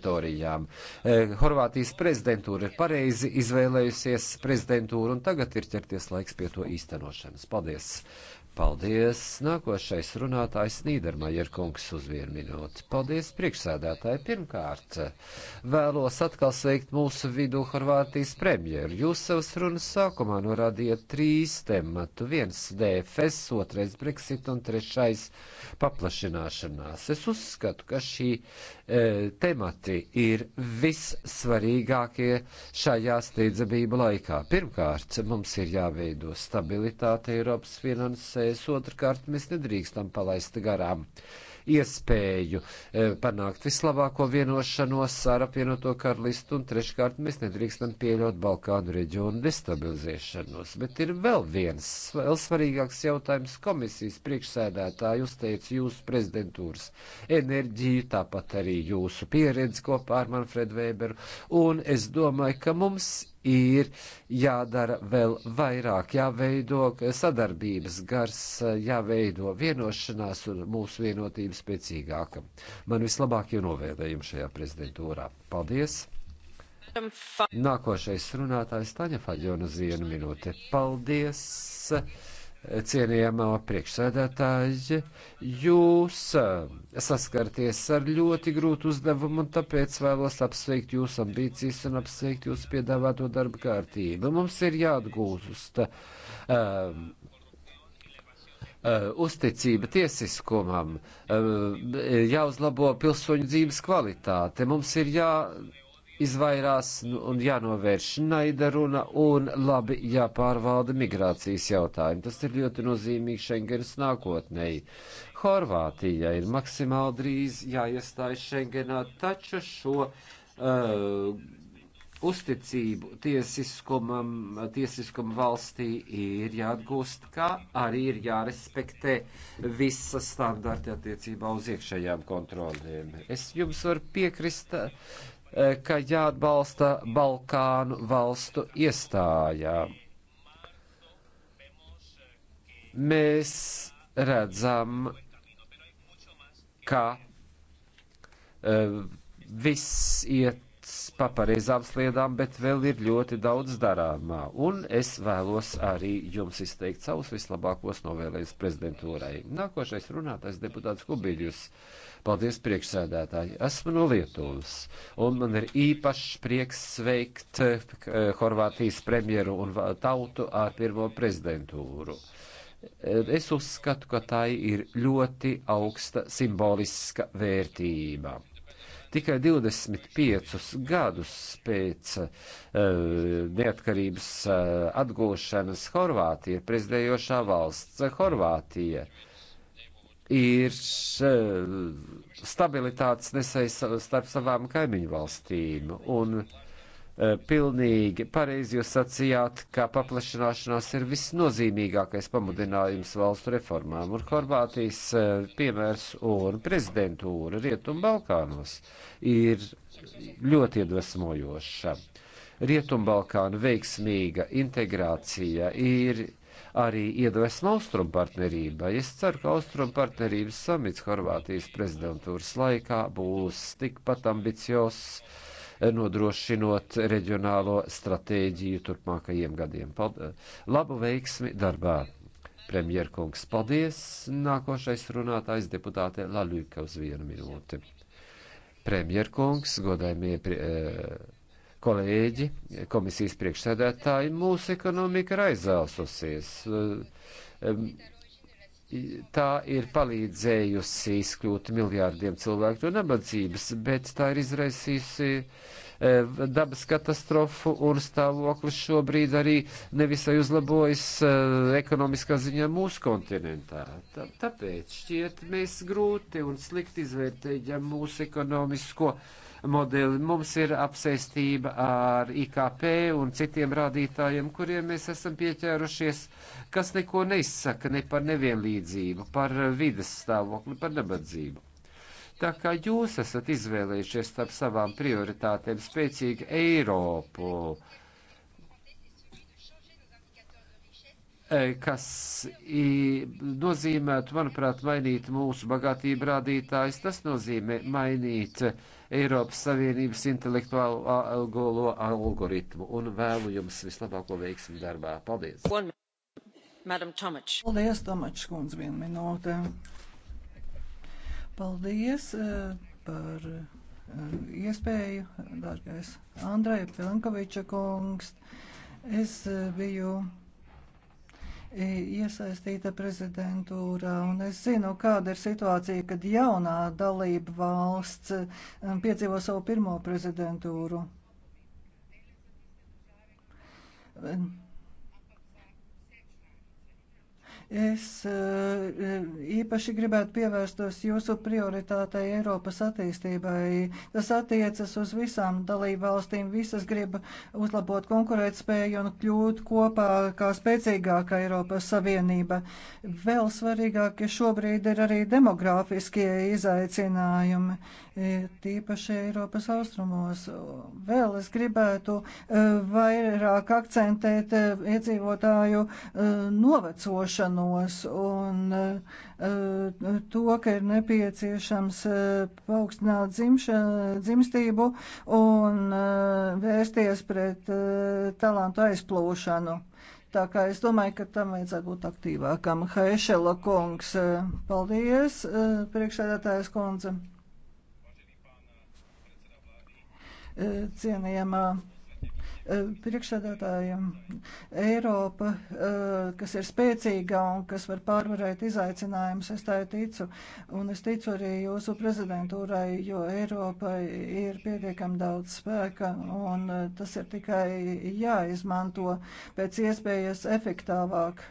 teritorijām. E, Horvātijas prezidentūra ir pareizi izvēlējusies prezidentūru, un tagad ir ķerties laiks pie to īstenošanas. Paldies! Paldies! Nākošais runātājs Nīdermajer kungs uz vienu minūti. Paldies, priekšsēdētāji! Pirmkārt, vēlos atkal sveikt mūsu vidū Horvātijas premjeru. Jūs savas runas sākumā norādījāt trīs tematu - viens DFS, otrais Brexit un trešais paplašināšanās. Es uzskatu, ka šī e, temati ir vissvarīgākie šajā steidzamību laikā. Pirmkārt, mums ir jāveido stabilitāte Eiropas finansē process. Otrkārt, mēs nedrīkstam palaist garām iespēju e, panākt vislabāko vienošanos ar apvienoto karalistu, un treškārt mēs nedrīkstam pieļaut Balkānu reģionu destabilizēšanos. Bet ir vēl viens, vēl svarīgāks jautājums komisijas priekšsēdētāju uzteica jūsu prezidentūras enerģiju, tāpat arī jūsu pieredzi kopā ar Manfredu Weberu, un es domāju, ka mums ir jādara vēl vairāk, jāveido sadarbības gars, jāveido vienošanās un mūsu vienotība spēcīgāka. Man vislabākie novēlējumi šajā prezidentūrā. Paldies! Nākošais runātājs Taņa Faģona Zienu minūte. Paldies! cienījamā priekšsēdētāji, jūs saskarties ar ļoti grūtu uzdevumu, un tāpēc vēlos apsveikt jūsu ambīcijas un apsveikt jūsu piedāvāto darba kārtību. Mums ir jāatgūst um, Uh, uzticība tiesiskumam, uh, jāuzlabo pilsoņu dzīves kvalitāte. Mums ir jā izvairās nu, un jānovērš naidaruna un labi jāpārvalda migrācijas jautājumi. Tas ir ļoti nozīmīgi Schengens nākotnēji. Horvātija ir maksimāli drīz jāiestājas Schengenā, taču šo. Uh, uzticību tiesiskumam, tiesiskumam valstī ir jāatgūst, kā arī ir jārespektē visas standarti attiecībā uz iekšējām kontrolēm. Es jums varu piekrist ka jāatbalsta Balkānu valstu iestājā. Mēs redzam, ka e, viss iet pa pareizām sliedām, bet vēl ir ļoti daudz darāmā. Un es vēlos arī jums izteikt savus vislabākos novēlējumus prezidentūrai. Nākošais runātais deputāts Kubiļus. Uh, Paldies, priekšsēdētāji. Esmu no Lietuvas, un man ir īpašs prieks sveikt eh, Horvātijas premjeru un tautu ar pirmo prezidentūru. Eh, es uzskatu, ka tā ir ļoti augsta simboliska vērtība tikai 25 gadus pēc uh, neatkarības uh, atgūšanas Horvātija ir prezidējošā valsts. Horvātija uh, ir eh, stabilitātes nesējs starp savām kaimiņu valstīm. Un eh, pilnīgi pareizi jūs sacījāt, ka paplašināšanās ir visnozīmīgākais pamudinājums valstu reformām. Un Horvātijas eh, piemērs un prezidentūra Rietumbalkānos ir ļoti iedvesmojoša. Rietumbalkānu veiksmīga integrācija ir arī iedvesmu austrumu partnerībai. Es ceru, ka austrumu partnerības samits Horvātijas prezidentūras laikā būs tikpat ambiciozs, nodrošinot reģionālo stratēģiju turpmākajiem gadiem. Paldies! Labu veiksmi darbā! Premjerkungs, paldies! Nākošais runātājs deputāte Laluka uz vienu minūti. Premjerkungs, godājumie. Prie, eh, Kolēģi, komisijas priekšsēdētāji, mūsu ekonomika ir aizēlsusies. Ehm, tā ir palīdzējusi izkļūt miljārdiem cilvēku no nabadzības, bet tā ir izraisījusi ehm, dabas katastrofu un stāvoklis šobrīd arī nevisai uzlabojas ehm, ekonomiskā ziņā mūsu kontinentā. Tāpēc šķiet mēs grūti un slikti izvērtējam mūsu ekonomisko uh, modeli. Mums ir apsēstība ar IKP un citiem rādītājiem, kuriem mēs esam pieķērušies, kas neko neizsaka ne par nevienlīdzību, par vides stāvokli, par nabadzību. Tā kā jūs esat izvēlējušies starp savām prioritātēm spēcīgu Eiropu, eh, kas nozīmētu, manuprāt, mainīt mūsu bagātību rādītājs, tas nozīmē mainīt uh, Eiropas Savienības intelektuālo algolo algoritmu un vēlu jums vislabāko veiksmi darbā. Paldies! Paldies, Tomačs kundze, vienu minūtē. Paldies eh, par eh, iespēju, dārgais Andrei Pelenkoviča kungs. Es eh, biju iesaistīta prezidentūrā, un es zinu, kāda ir situācija, kad jaunā dalība valsts um, piedzīvo savu pirmo prezidentūru. Um, Es eh, īpaši gribētu pievērstos jūsu prioritātei Eiropas attīstībai. Tas attiecas uz visām dalību valstīm. Visas grib uzlabot konkurētspēju un kļūt kopā kā spēcīgāka Eiropas Savienība. Vēl svarīgākie šobrīd ir arī demogrāfiskie izaicinājumi, eh, tīpaši Eiropas austrumos. Vēl es gribētu eh, vairāk akcentēt iedzīvotāju novecošanu plānos un eh, eh, to, ka ir nepieciešams eh, paaugstināt dzimstību un vērsties pret talantu aizplūšanu. Tā kā es domāju, ka tam vajadzētu būt aktīvākam. Haišela kungs, paldies, priekšsēdētājas kundze. Cienījamā Priekšsēdētājiem Eiropa, eh, kas ir spēcīga un kas var pārvarēt izaicinājumus, es tā ticu. Un es ticu arī jūsu prezidentūrai, jo Eiropai ir pietiekami daudz spēka un eh, tas ir tikai jāizmanto pēc iespējas efektīvāk.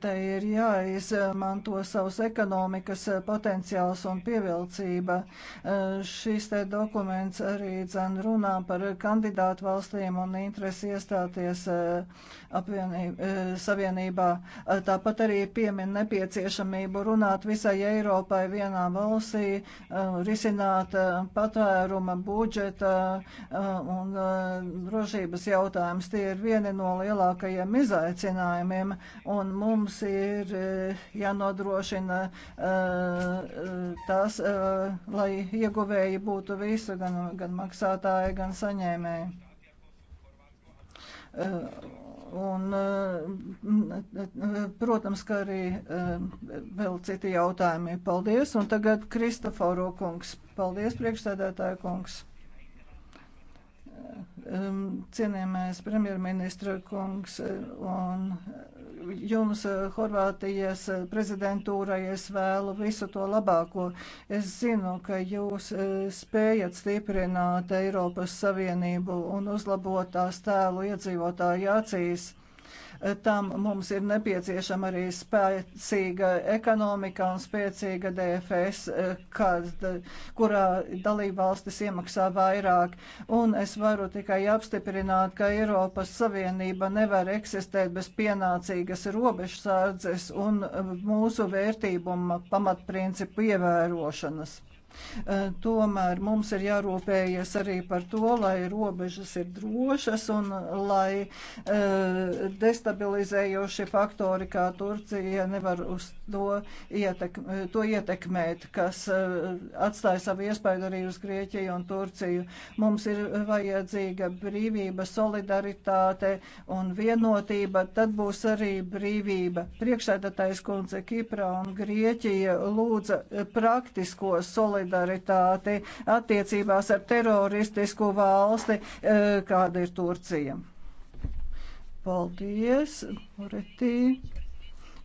Tai ir jāizmanto savs ekonomikas potenciāls un pievilcība. Šis te dokuments arī dzen runā par kandidātu valstīm un interesi iestāties e, apvienība, e, savienībā. Tāpat arī piemin nepieciešamību runāt visai Eiropai vienā valstī, e, risināt patvēruma budžeta un drošības jautājumus. Tie ir vieni no lielākajiem izaicinājumiem un mums ir e, jānodrošina e, e, tas, lai ieguvēji būtu visi, gan, gan maksātāji, gan saņēmēji. Un, protams, ka arī vēl citi jautājumi. Paldies, un tagad Kristoforu kungs. Paldies, priekšsēdētāju kungs. Um, cienījamais premjerministra kungs uh, un jums uh, Horvātijas uh, prezidentūrai es vēlu visu to labāko. Es zinu, ka jūs spējat stiprināt Eiropas Savienību un uzlabot tās tēlu iedzīvotāju acīs. Eh, tam mums ir nepieciešama arī spēcīga ekonomika un spēcīga DFS, eh, kad, kurā dalībvalstis iemaksā vairāk. Un es varu tikai apstiprināt, ka Eiropas Savienība nevar eksistēt bez pienācīgas robežsārdzes un eh, mūsu vērtību pamatprincipu ievērošanas. Eh, tomēr mums ir jārūpējas arī par to, lai robežas ir drošas un lai eh, destabilizējoši faktori, kā Turcija, nevar uz to, ietek, to ietekmēt, kas eh, atstāja savu iespēju arī uz Grieķiju un Turciju. Mums ir vajadzīga brīvība, solidaritāte un vienotība, tad būs arī brīvība. Priekšsēdētājs kundze Kiprā un Grieķija lūdza praktisko solidaritāti solidaritāti attiecībās ar teroristisku valsti, eh, kāda ir Turcija. Paldies, Moretī.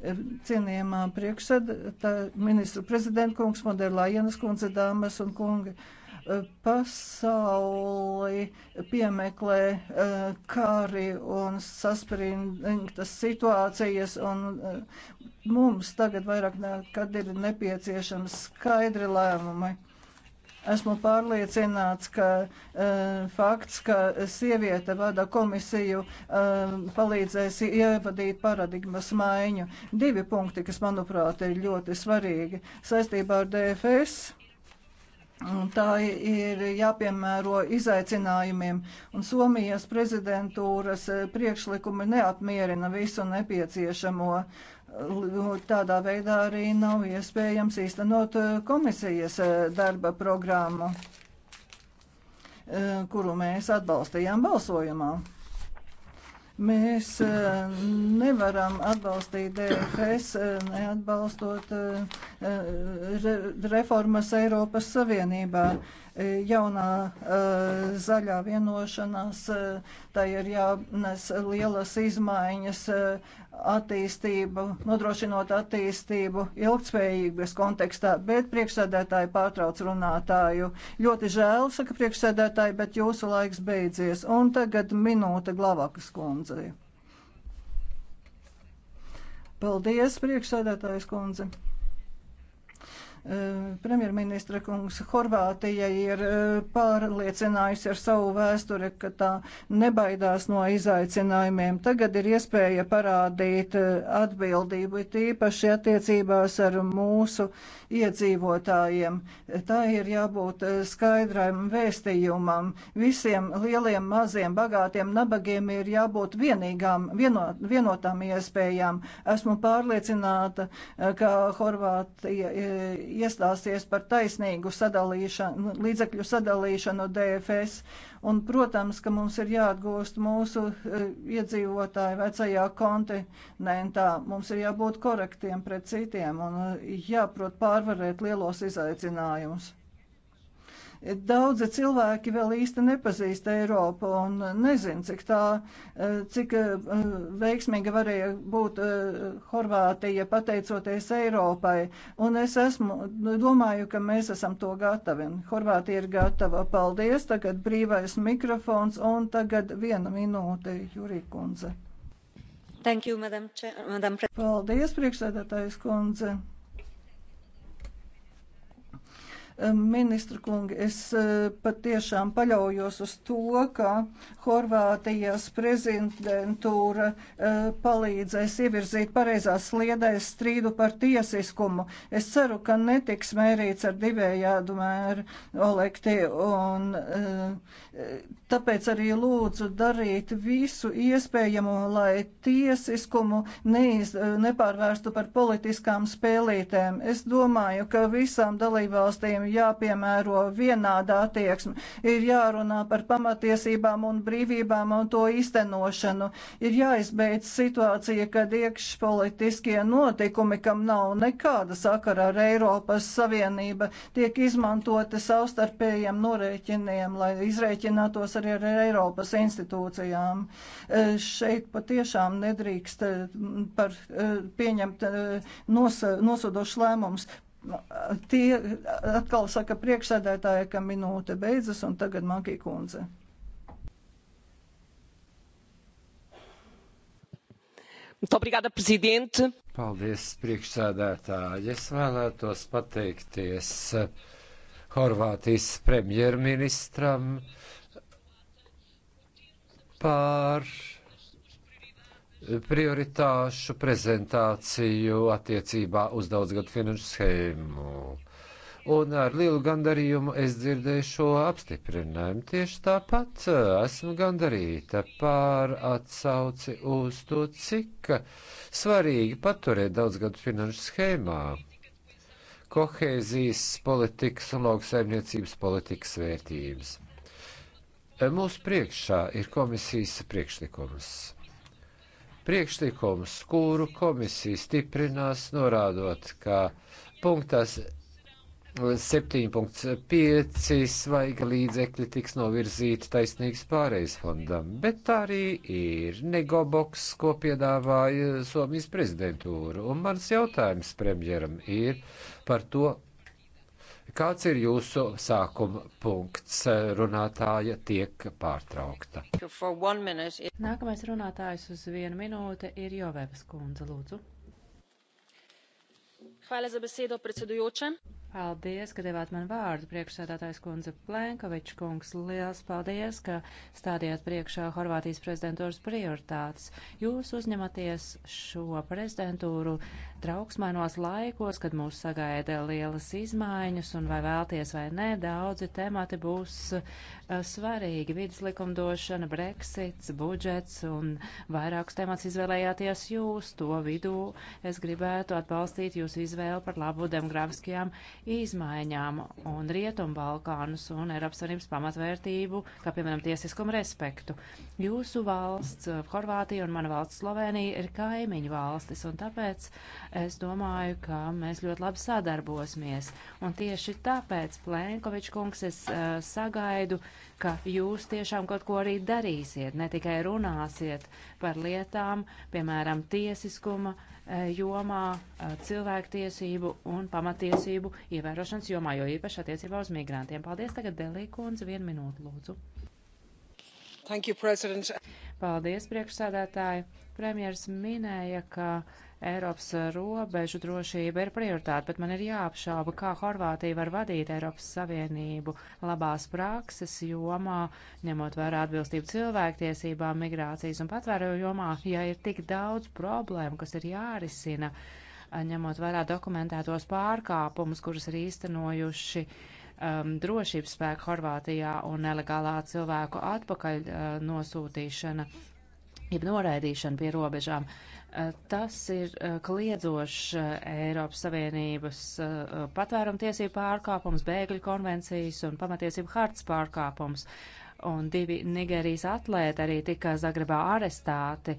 Eh, cienījamā priekšsēdētā ministru prezidentkungs, Moderlā Jenas kundze, dāmas un kungi. Pasauli piemeklē eh, kari un saspringtas situācijas, un eh, mums tagad vairāk nekad ir nepieciešams skaidri lēmumi. Esmu pārliecināts, ka uh, fakts, ka sieviete vada komisiju, uh, palīdzēs ievadīt paradigmas maiņu. Divi punkti, kas, manuprāt, ir ļoti svarīgi saistībā ar DFS Un tā ir jāpiemēro izaicinājumiem, un Somijas prezidentūras priekšlikumi neapmierina visu nepieciešamo. Tādā veidā arī nav iespējams īstenot e, komisijas e, darba programmu, e, kuru mēs atbalstījām balsojumā. Mēs eh, nevaram atbalstīt DFS, eh, neatbalstot eh, reformas Eiropas Savienībā. Jaunā zaļā vienošanās, tai ir jānes lielas izmaiņas attīstību, nodrošinot attīstību ilgtspējības kontekstā, bet priekšsēdētāji pārtrauc runātāju. Ļoti žēl, saka priekšsēdētāji, bet jūsu laiks beidzies. Un tagad minūte Glavakas kundzei. Paldies, priekšsēdētājas kundze. Eh, premjerministra kungs Horvātija ir eh, pārliecinājusi ar savu vēsturi, ka tā nebaidās no izaicinājumiem. Tagad ir iespēja parādīt eh, atbildību, tīpaši attiecībās ar mūsu iedzīvotājiem. Tā ir jābūt skaidram vēstījumam. Visiem lieliem, maziem, bagātiem, nabagiem ir jābūt vienīgām, vienot, vienotām iespējām. Esmu pārliecināta, ka Horvātija iestāsies par taisnīgu sadalīšanu, līdzekļu sadalīšanu DFS. Un, protams, ka mums ir jāatgūst mūsu e, iedzīvotāji vecajā kontinentā. Mums ir jābūt korektiem pret citiem un e, jāprot pārvarēt lielos izaicinājumus. Daudzi cilvēki vēl īsti nepazīst Eiropu un nezin, cik tā, eh, cik eh, veiksmīga varēja būt eh, Horvātija pateicoties Eiropai. Un es esmu, domāju, ka mēs esam to gatavi. Horvātija ir gatava. Paldies. Tagad brīvais mikrofons un tagad viena minūte Jurikundze. Thank you, madam, madam. Paldies, priekšsēdētājs kundze. Ministra kungi, es eh, patiešām paļaujos uz to, ka Horvātijas prezidentūra eh, palīdzēs ievirzīt pareizās sliedēs strīdu par tiesiskumu. Es ceru, ka netiks mērīts ar divējādu mēru olekti, un eh, tāpēc arī lūdzu darīt visu iespējamo, lai tiesiskumu neiz, nepārvērstu par politiskām spēlītēm. Es domāju, ka visām dalībvalstīm visiem jāpiemēro vienāda attieksme. Ir jārunā par pamatiesībām un brīvībām un to iztenošanu. Ir jāizbeidz situācija, kad iekšpolitiskie notikumi, kam nav nekāda sakara ar Eiropas Savienību, tiek izmantoti savstarpējiem norēķiniem, lai izrēķinātos arī ar Eiropas institūcijām. E, šeit patiešām nedrīkst e, par e, pieņemt nos, nosodošs lēmums. Tie atkal saka priekšsēdētāja, ka minūte beidzas un tagad Makī kundze. Obrigada, prezidente. Paldies, priekšsēdētāji. Es vēlētos pateikties Horvātijas premjerministram par prioritāšu prezentāciju attiecībā uz daudzgadu finanšu schēmu. Un ar lielu gandarījumu es dzirdēju šo apstiprinājumu. Tieši tāpat e, esmu gandarīta pār atsauci uz to, cik svarīgi paturēt daudzgadu finanšu schēmā kohēzijas politikas un lauksaimniecības politikas vērtības. E, mūsu priekšā ir komisijas priekšlikums priekšlikums, kuru komisija stiprinās, norādot, ka punktās 7.5 svaiga līdzekļi tiks novirzīti taisnīgs pārejas fondam, bet tā arī ir negoboks, ko piedāvāja Somijas prezidentūra. Un mans jautājums premjeram ir par to, Kāds ir jūsu sākuma punkts? Runātāja tiek pārtraukta. Nākamais runātājs uz vienu minūti ir Jovēvas kundze, lūdzu. Hvala za besedo, predsedujoča. Paldies, ka devāt man vārdu, priekšsēdātājs kundze Plenkovičs kungs. Liels paldies, ka stādījāt priekšā Horvātijas prezidentūras prioritātes. Jūs uzņematies šo prezidentūru trauksmainos laikos, kad mūs sagaida lielas izmaiņas, un vai vēlties vai nē, daudzi temati būs eh, svarīgi. Vides likumdošana, Brexits, budžets un vairākus temats izvēlējāties jūs. To vidū es gribētu atbalstīt jūsu izvēli par labu demografiskajām izmaiņām un Rietumbalkānus un Eiropas Savienības pamatvērtību, kā piemēram tiesiskumu respektu. Jūsu valsts, Horvātija un mana valsts Slovenija ir kaimiņu valstis, un tāpēc es domāju, ka mēs ļoti labi sadarbosimies. Un tieši tāpēc, Plēnkovič kungs, es uh, sagaidu, ka jūs tiešām kaut ko arī darīsiet, ne tikai runāsiet par lietām, piemēram, tiesiskuma uh, jomā, uh, cilvēktiesību un pamatiesību ievērošanas jomā, jo īpaši attiecībā uz migrantiem. Paldies tagad, Delī kundze, vienu minūtu lūdzu. Thank you, President. Paldies, priekšsādātāji! Premjers minēja, ka Eiropas robežu drošība ir prioritāte, bet man ir jāapšauba, kā Horvātija var vadīt Eiropas Savienību labās prakses jomā, ņemot vērā atbilstību cilvēktiesībām, migrācijas un patvēroju jomā, ja ir tik daudz problēmu, kas ir jārisina, ņemot vērā dokumentētos pārkāpumus, kurus ir īstenojuši uh, um, drošības spēku Horvātijā un nelegālā cilvēku atpakaļ uh, nosūtīšana, jeb noraidīšana pie robežām. Uh, tas ir uh, kliedzošs uh, Eiropas Savienības uh, uh patvērumtiesību pārkāpums, bēgļu konvencijas un pamatiesību hartas pārkāpums. Un divi Nigērijas atlēti arī tika Zagrebā arestēti.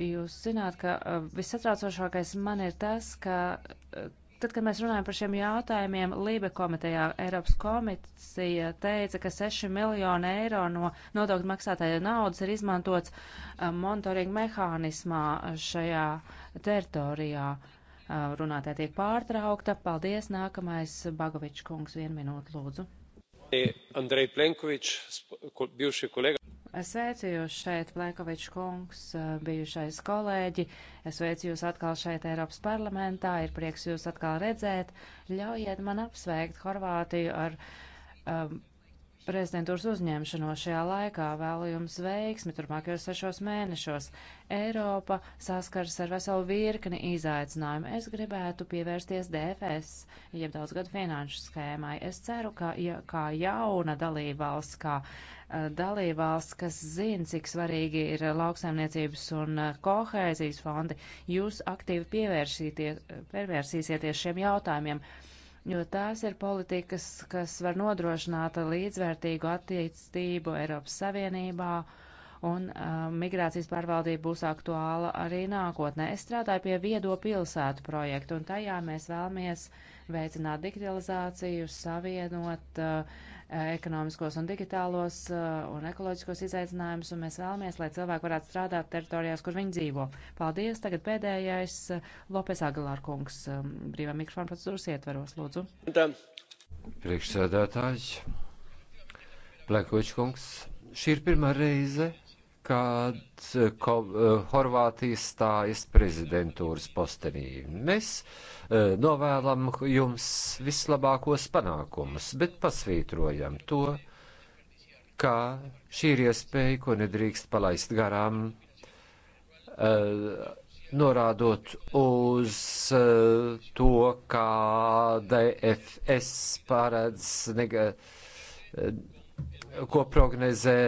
Jūs zināt, ka uh, visatraucošākais man ir tas, ka uh, Tad, kad mēs runājam par šiem jautājumiem, Lībe komitejā Eiropas komisija teica, ka 6 miljoni eiro no nodokļu maksātāja naudas ir izmantots uh, monitoringa mehānismā šajā teritorijā. Uh, Runātē tiek pārtraukta. Paldies. Nākamais Bagovičs kungs, vienu minūtu lūdzu. Andrej Plenkovičs, bijuši kolēga. Es sveicu jūs šeit, Plēkovičs kungs, bijušais kolēģi. Es sveicu jūs atkal šeit Eiropas parlamentā. Ir prieks jūs atkal redzēt. Ļaujiet man apsveikt Horvātiju ar um, prezidentūras uzņemšanos šajā laikā. Vēlu jums veiksmi turpmākajos sešos mēnešos. Eiropa saskars ar veselu virkni izaicinājumu. Es gribētu pievērsties DFS, jeb daudzgadu finanšu schēmai. Es ceru, ka ja, kā jauna dalībvalsts, kā uh, dalībvalsts, kas zina, cik svarīgi ir lauksaimniecības un uh, kohēzijas fondi, jūs aktīvi pievērsīsieties šiem jautājumiem. Uh, jo tās ir politikas, kas var nodrošināt līdzvērtīgu attīstību Eiropas Savienībā, un uh, migrācijas pārvaldība būs aktuāla arī nākotnē. Es strādāju pie viedo pilsētu projektu, un tajā mēs vēlamies veicināt digitalizāciju, savienot uh, Eh, ekonomiskos un digitālos eh, un ekoloģiskos izaicinājumus, un mēs vēlamies, lai cilvēki varētu strādāt teritorijās, kur viņi dzīvo. Paldies! Tagad pēdējais eh, Lopes Agilārkungs brīvā mikrofona procedūras ietveros, lūdzu. Priekšsēdētājs Plekovičs kungs, šī ir pirmā reize, kad eh, ko, eh, Horvātija stājas prezidentūras postenī. Mēs uh, novēlam jums vislabākos panākumus, bet pasvītrojam to, ka šī ir iespēja, ko nedrīkst palaist garām, uh, norādot uz uh, to, kā DFS paredz, nega, ko prognozē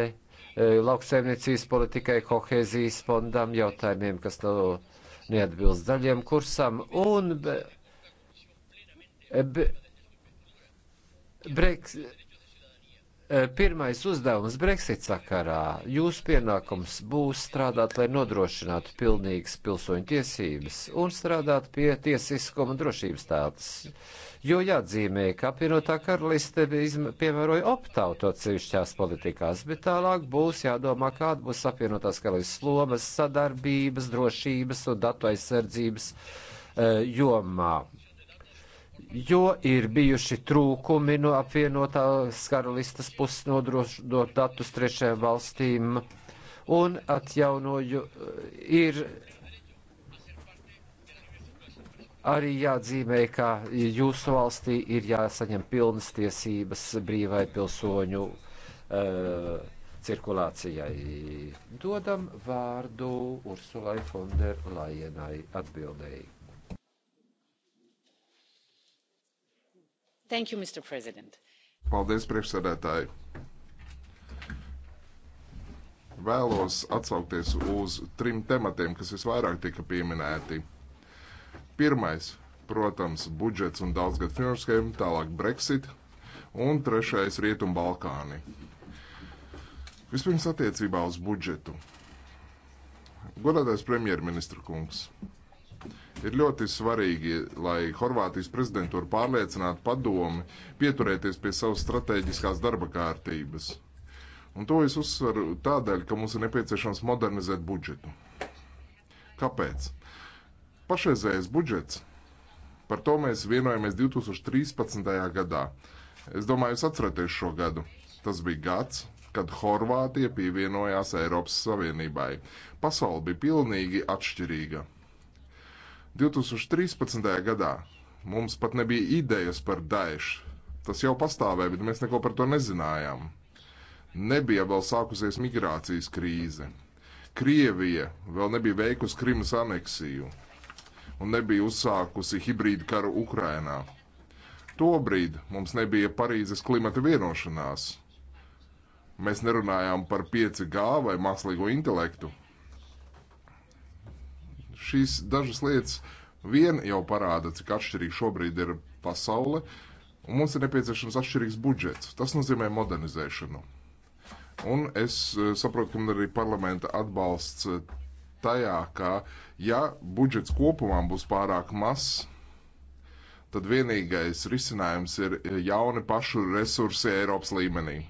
E, lauksaimniecības politikai, kohēzijas fondam, jautājumiem, kas nav neatbilst daļiem kursam. Un be, be, breks, Eh, pirmais uzdevums Brexit sakarā - jūsu pienākums būs strādāt, lai nodrošinātu pilnīgas pilsoņu tiesības un strādāt pie tiesiskuma un drošības tādas. Jo jāatzīmē, ka apvienotā karaliste piemēroja optautu atsevišķās politikās, bet tālāk būs jādomā, kāda būs apvienotās karalistes lomas sadarbības, drošības un datu aizsardzības uh, jomā jo ir bijuši trūkumi no apvienotās karalistas puses nodrošinot datus trešajām valstīm un atjaunoju ir arī jāatzīmē, ka jūsu valstī ir jāsaņem pilnas tiesības brīvai pilsoņu uh, cirkulācijai. Dodam vārdu Ursulai Fonderlajenai atbildēji. Thank you, Mr. President. Paldies, priekšsēdētāji. Vēlos atsaukties uz trim tematiem, kas visvairāk tika pieminēti. Pirmais, protams, budžets un daudzgad finanšu schēma, tālāk Brexit, un trešais - Rietumbalkāni. Vispirms attiecībā uz budžetu. Godātais premjerministra kungs, Ir ļoti svarīgi, lai Horvātijas prezidentūra pārliecinātu padomi pieturēties pie savas strateģiskās darba kārtības. Un to es uzsveru tādēļ, ka mums ir nepieciešams modernizēt budžetu. Kāpēc? Pašreizējais budžets, par to mēs vienojamies 2013. gadā. Es domāju, jūs atceraties šo gadu. Tas bija gads, kad Horvātija pievienojās Eiropas Savienībai. Pasaule bija pilnīgi atšķirīga. 2013. gadā mums pat nebija idejas par Daešu. Tas jau pastāvēja, bet mēs neko par to nezinājām. Nebija vēl sākusies migrācijas krīze. Krievija vēl nebija veikusi Krimas aneksiju un nebija uzsākusi hibrīdu karu Ukrainā. Tobrīd mums nebija Parīzes klimata vienošanās. Mēs nerunājām par 5G vai mākslīgo intelektu. Šīs dažas lietas vien jau parāda, cik atšķirīga šobrīd ir pasaule, un mums ir nepieciešams atšķirīgs budžets. Tas nozīmē modernizēšanu. Un es eh, saprotu, ka man arī parlamenta atbalsts eh, tajā, ka ja budžets kopumā būs pārāk mazs, tad vienīgais risinājums ir eh, jauni pašu resursi Eiropas līmenī.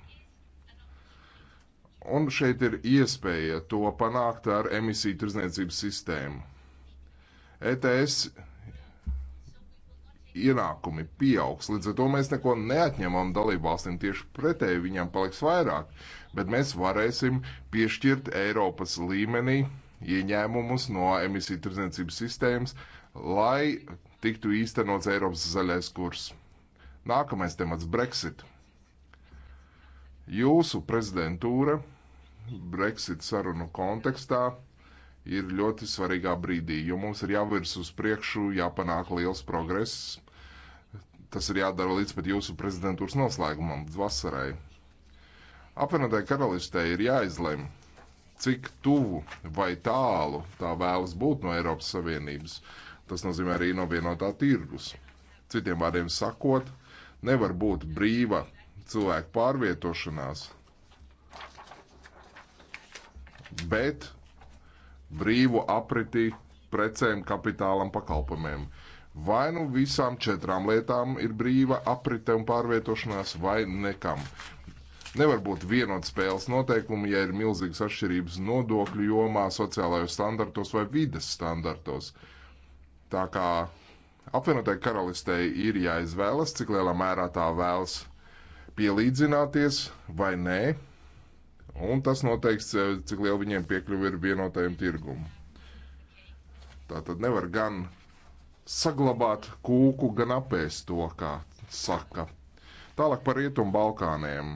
Un šeit ir iespēja to panākt ar emisiju tirdzniecības sistēmu. ETS ienākumi pieaugs. Līdz ar to mēs neko neatņemam dalībvalstīm, tieši pretēji viņam paliks vairāk, bet mēs varēsim piešķirt Eiropas līmenī ieņēmumus no emisiju tirdzniecības sistēmas, lai tiktu īstenots Eiropas zaļais kurs. Nākamais temats - Brexit. Jūsu prezidentūra Brexit sarunu kontekstā ir ļoti svarīgā brīdī, jo mums ir jāvirs uz priekšu, jāpanāk liels progress. Tas ir jādara līdz pat jūsu prezidentūras noslēgumam, vasarai. Apvienotai karalistē ir jāizlem, cik tuvu vai tālu tā vēlas būt no Eiropas Savienības. Tas nozīmē arī no vienotā tirgus. Citiem vārdiem sakot, nevar būt brīva cilvēku pārvietošanās, bet brīvu apriti precēm, kapitālam, pakalpojumiem. Vai nu visām četrām lietām ir brīva aprite un pārvietošanās, vai nekam. Nevar būt vienot spēles noteikumi, ja ir milzīgas atšķirības nodokļu jomā, sociālajos standartos vai vides standartos. Tā kā apvienotai karalistei ir jāizvēlas, cik lielā mērā tā vēlas pielīdzināties vai nē, Un tas noteiks, eh, cik liela viņiem piekļuva ir vienotajam tirgumam. Tā tad nevar gan saglabāt kūku, gan apēst to, kā saka. Tālāk par Rietumu Balkāniem.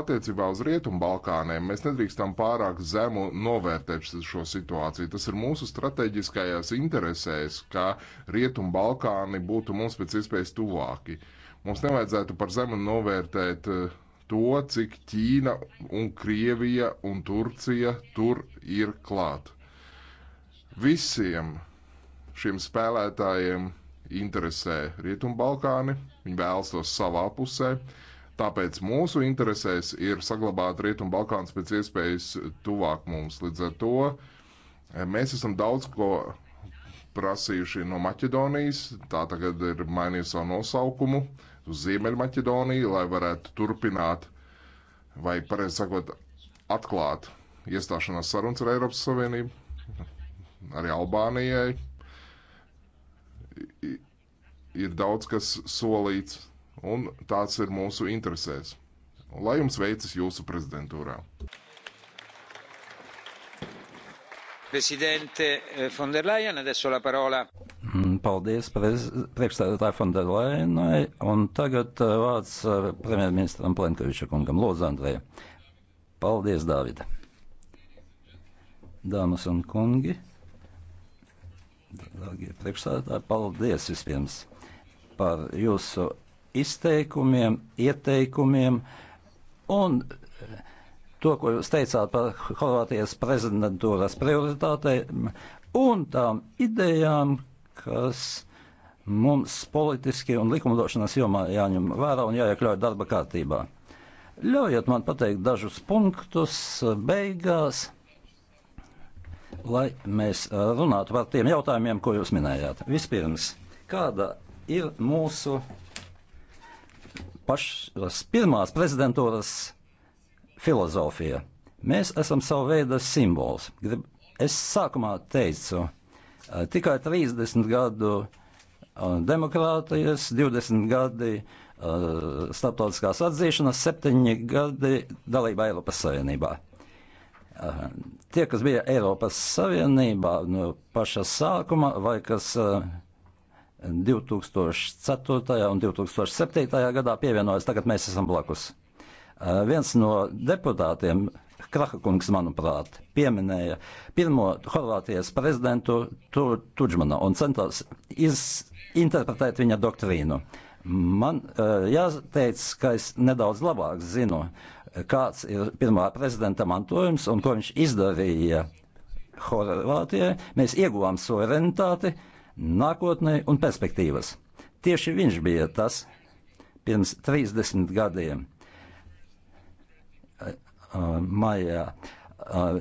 Attiecībā uz Rietumu Balkāniem mēs nedrīkstam pārāk zemu novērtēt šo situāciju. Tas ir mūsu strateģiskajās interesēs, ka Rietumu Balkāni būtu mums pēc iespējas tuvāki. Mums nevajadzētu par zemu novērtēt uh, to, cik Ķīna un Krievija un Turcija tur ir klāt. Visiem šiem spēlētājiem interesē Rietumbalkāni, viņi vēlas tos savā pusē, tāpēc mūsu interesēs ir saglabāt Rietumbalkāns pēc iespējas tuvāk mums. Līdz ar to eh, mēs esam daudz ko prasījuši no Maķedonijas, tā tagad ir mainījusi savu nosaukumu. Uh, uz Ziemeļmaķedoniju, lai varētu turpināt, vai pareizi sakot, atklāt iestāšanās sarunas ar Eiropas Savienību, arī Albānijai. Ir daudz kas solīts, un tāds ir mūsu interesēs. Lai jums veicas jūsu prezidentūrā. Presidente eh, von der Leyen, adesso la parola. Mm, paldies priekšstādātāju Fonderlainai, un tagad uh, vārds uh, premjerministram Plenkoviča kungam. Lūdzu, Andrija. Paldies, Dāvida. Dāmas un kungi, dārgie priekšstādātāji, paldies vispirms par jūsu izteikumiem, ieteikumiem un uh, to, ko jūs teicāt par Horvātijas prezidentūras prioritātei un tām idejām, kas mums politiski un likumdošanas jomā jāņem vērā un jāiekļauj darba kārtībā. Ļaujiet man pateikt dažus punktus beigās, lai mēs runātu par tiem jautājumiem, ko jūs minējāt. Vispirms, kāda ir mūsu pašas pirmās prezidentūras filozofija? Mēs esam savu veidu simbols. Grib, es sākumā teicu, Eh, tikai 30 gadu eh, demokrātijas, 20 gadi eh, starptautiskās atzīšanas, 7 gadi dalība Eiropas Savienībā. Tie, kas bija Eiropas Savienībā no paša sākuma vai kas 2004. un 2007. gadā pievienojas, tagad mēs esam blakus. Viens no deputātiem Krahakungs, manuprāt, pieminēja pirmo Horvātijas prezidentu tu, Tudžmanu un centās interpretēt viņa doktrīnu. Man uh, jāteic, ka es nedaudz labāk zinu, kāds ir pirmā prezidenta mantojums un ko viņš izdarīja Horvātijai. Mēs ieguvām suverenitāti, nākotnē un perspektīvas. Tieši viņš bija tas pirms 30 gadiem maijā. Uh,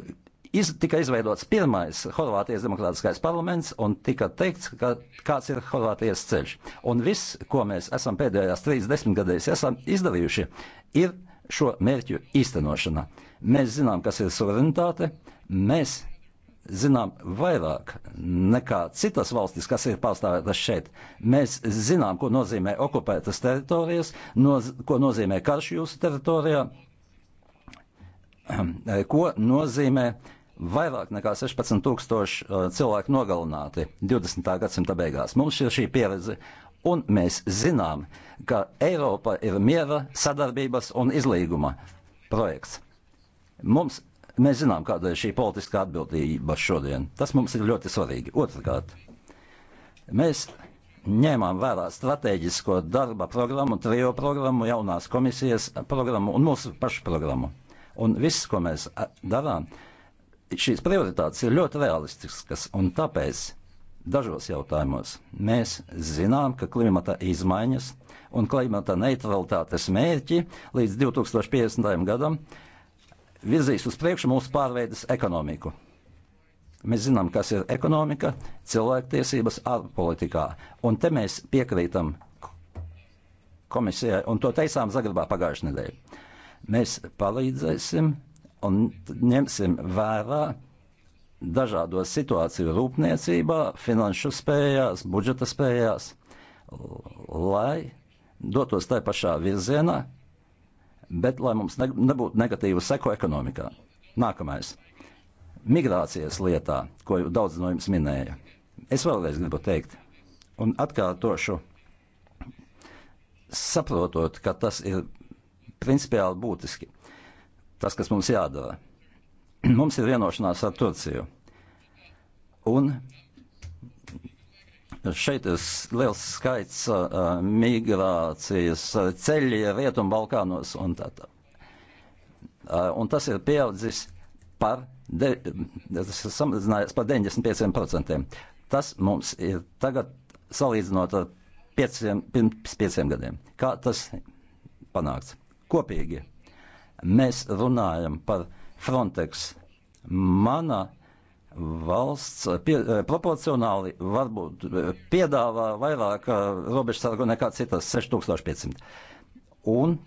iz, tika izveidots pirmais Horvātijas demokrātiskais parlaments un tika teikts, ka kāds ir Horvātijas ceļš. Un viss, ko mēs esam pēdējās 30 gadēs esam izdarījuši, ir šo mērķu īstenošana. Mēs zinām, kas ir suverenitāte, mēs zinām vairāk nekā citas valstis, kas ir pārstāvētas šeit. Mēs zinām, ko nozīmē okupētas teritorijas, noz, ko nozīmē karš jūsu teritorijā, Ehm, ko nozīmē vairāk nekā 16,000 eh, cilvēku nogalināti 20. gadsimta beigās. Mums ir šī pieredze, un mēs zinām, ka Eiropa ir miera, sadarbības un izlīguma projekts. Mums, mēs zinām, kāda ir šī politiskā atbildība šodien. Tas mums ir ļoti svarīgi. Otrkārt, mēs ņēmām vērā strateģisko darba programmu, trio programmu, jaunās komisijas programmu un mūsu pašu programmu. Un viss, ko mēs darām, šīs prioritātes ir ļoti realistiskas, un tāpēc dažos jautājumos mēs zinām, ka klimata izmaiņas un klimata neutralitātes mērķi līdz 2050. gadam virzīs uz priekšu mūsu pārveides ekonomiku. Mēs zinām, kas ir ekonomika, cilvēktiesības, ārpolitikā, un te mēs piekrītam komisijai, un to teicām Zagrebā pagājušajā nedēļā. Mēs palīdzēsim un ņemsim vērā dažādos situāciju rūpniecībā, finanšu spējās, budžeta spējās, lai dotos tajā pašā virzienā, bet lai mums ne, nebūtu negatīvu seku ekonomikā. Nākamais - migrācijas lietā, ko daudz no jums minēja. Es vēlreiz gribu teikt, un atkārtošu, saprotot, ka tas ir principiāli būtiski. Tas, kas mums jādara. Mums ir vienošanās ar Turciju. Un šeit ir liels skaits uh, migrācijas ceļi Rietumbalkānos un tā tā. Uh, un tas ir pieaudzis par, de, tas ir samazinājies par 95%. Tas mums ir tagad salīdzinot ar pieciem, pirms pieciem gadiem. Kā tas panākts? kopīgi. Mēs runājam par Frontex. Mana valsts eh, pie, eh, proporcionāli varbūt eh, piedāvā vairāk robežsargu nekā citas 6500. Un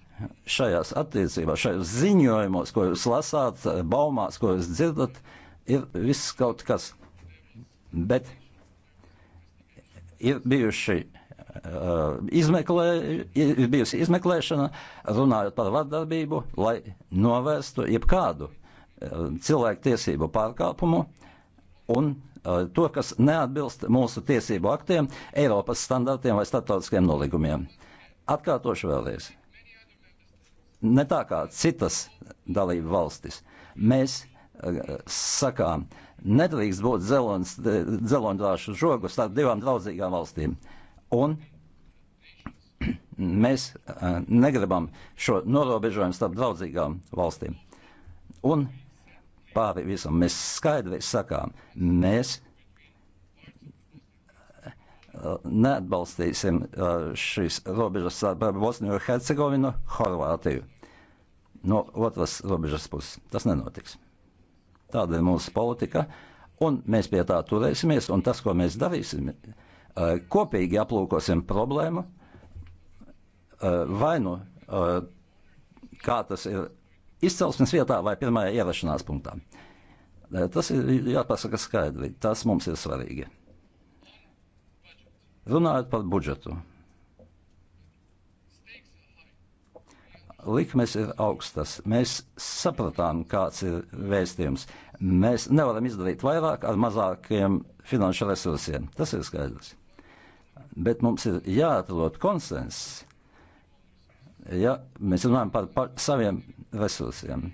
šajās attiecībās, šajos ziņojumos, ko jūs lasāt, baumās, ko jūs dzirdat, ir viss kaut kas. Bet ir bijuši Uh, izmeklē, ir bijusi izmeklēšana, runājot par vardarbību, lai novērstu jebkādu uh, cilvēku tiesību pārkāpumu un uh, to, kas neatbilst mūsu tiesību aktiem, Eiropas standartiem vai starptautiskiem nolīgumiem. Atkārtošu vēlreiz. Ne tā kā citas dalību valstis. Mēs sakām, nedrīkst būt dzeloņdrāšu žogu starp divām draudzīgām valstīm. Uh, Un mēs negribam šo norobežojumu starp draudzīgām valstīm. Un pāri visam mēs skaidri sakām, mēs neatbalstīsim šīs robežas starp Bosniju un Hercegovinu, Horvātiju. No otras robežas puses tas nenotiks. Tāda ir mūsu politika, un mēs pie tā turēsimies, un tas, ko mēs darīsim, ir Eh, kopīgi aplūkosim problēmu, eh, vai nu eh, kā tas ir izcelsmes vietā vai pirmajā ierašanās punktā. Tas ir jāpasaka skaidri. Tas mums ir svarīgi. Runājot par budžetu. likmes ir augstas. Mēs sapratām, kāds ir vēstījums. Mēs nevaram izdarīt vairāk ar mazākiem finanšu resursiem. Tas ir skaidrs bet mums ir jāatrod konsenss, ja mēs runājam par, par saviem resursiem.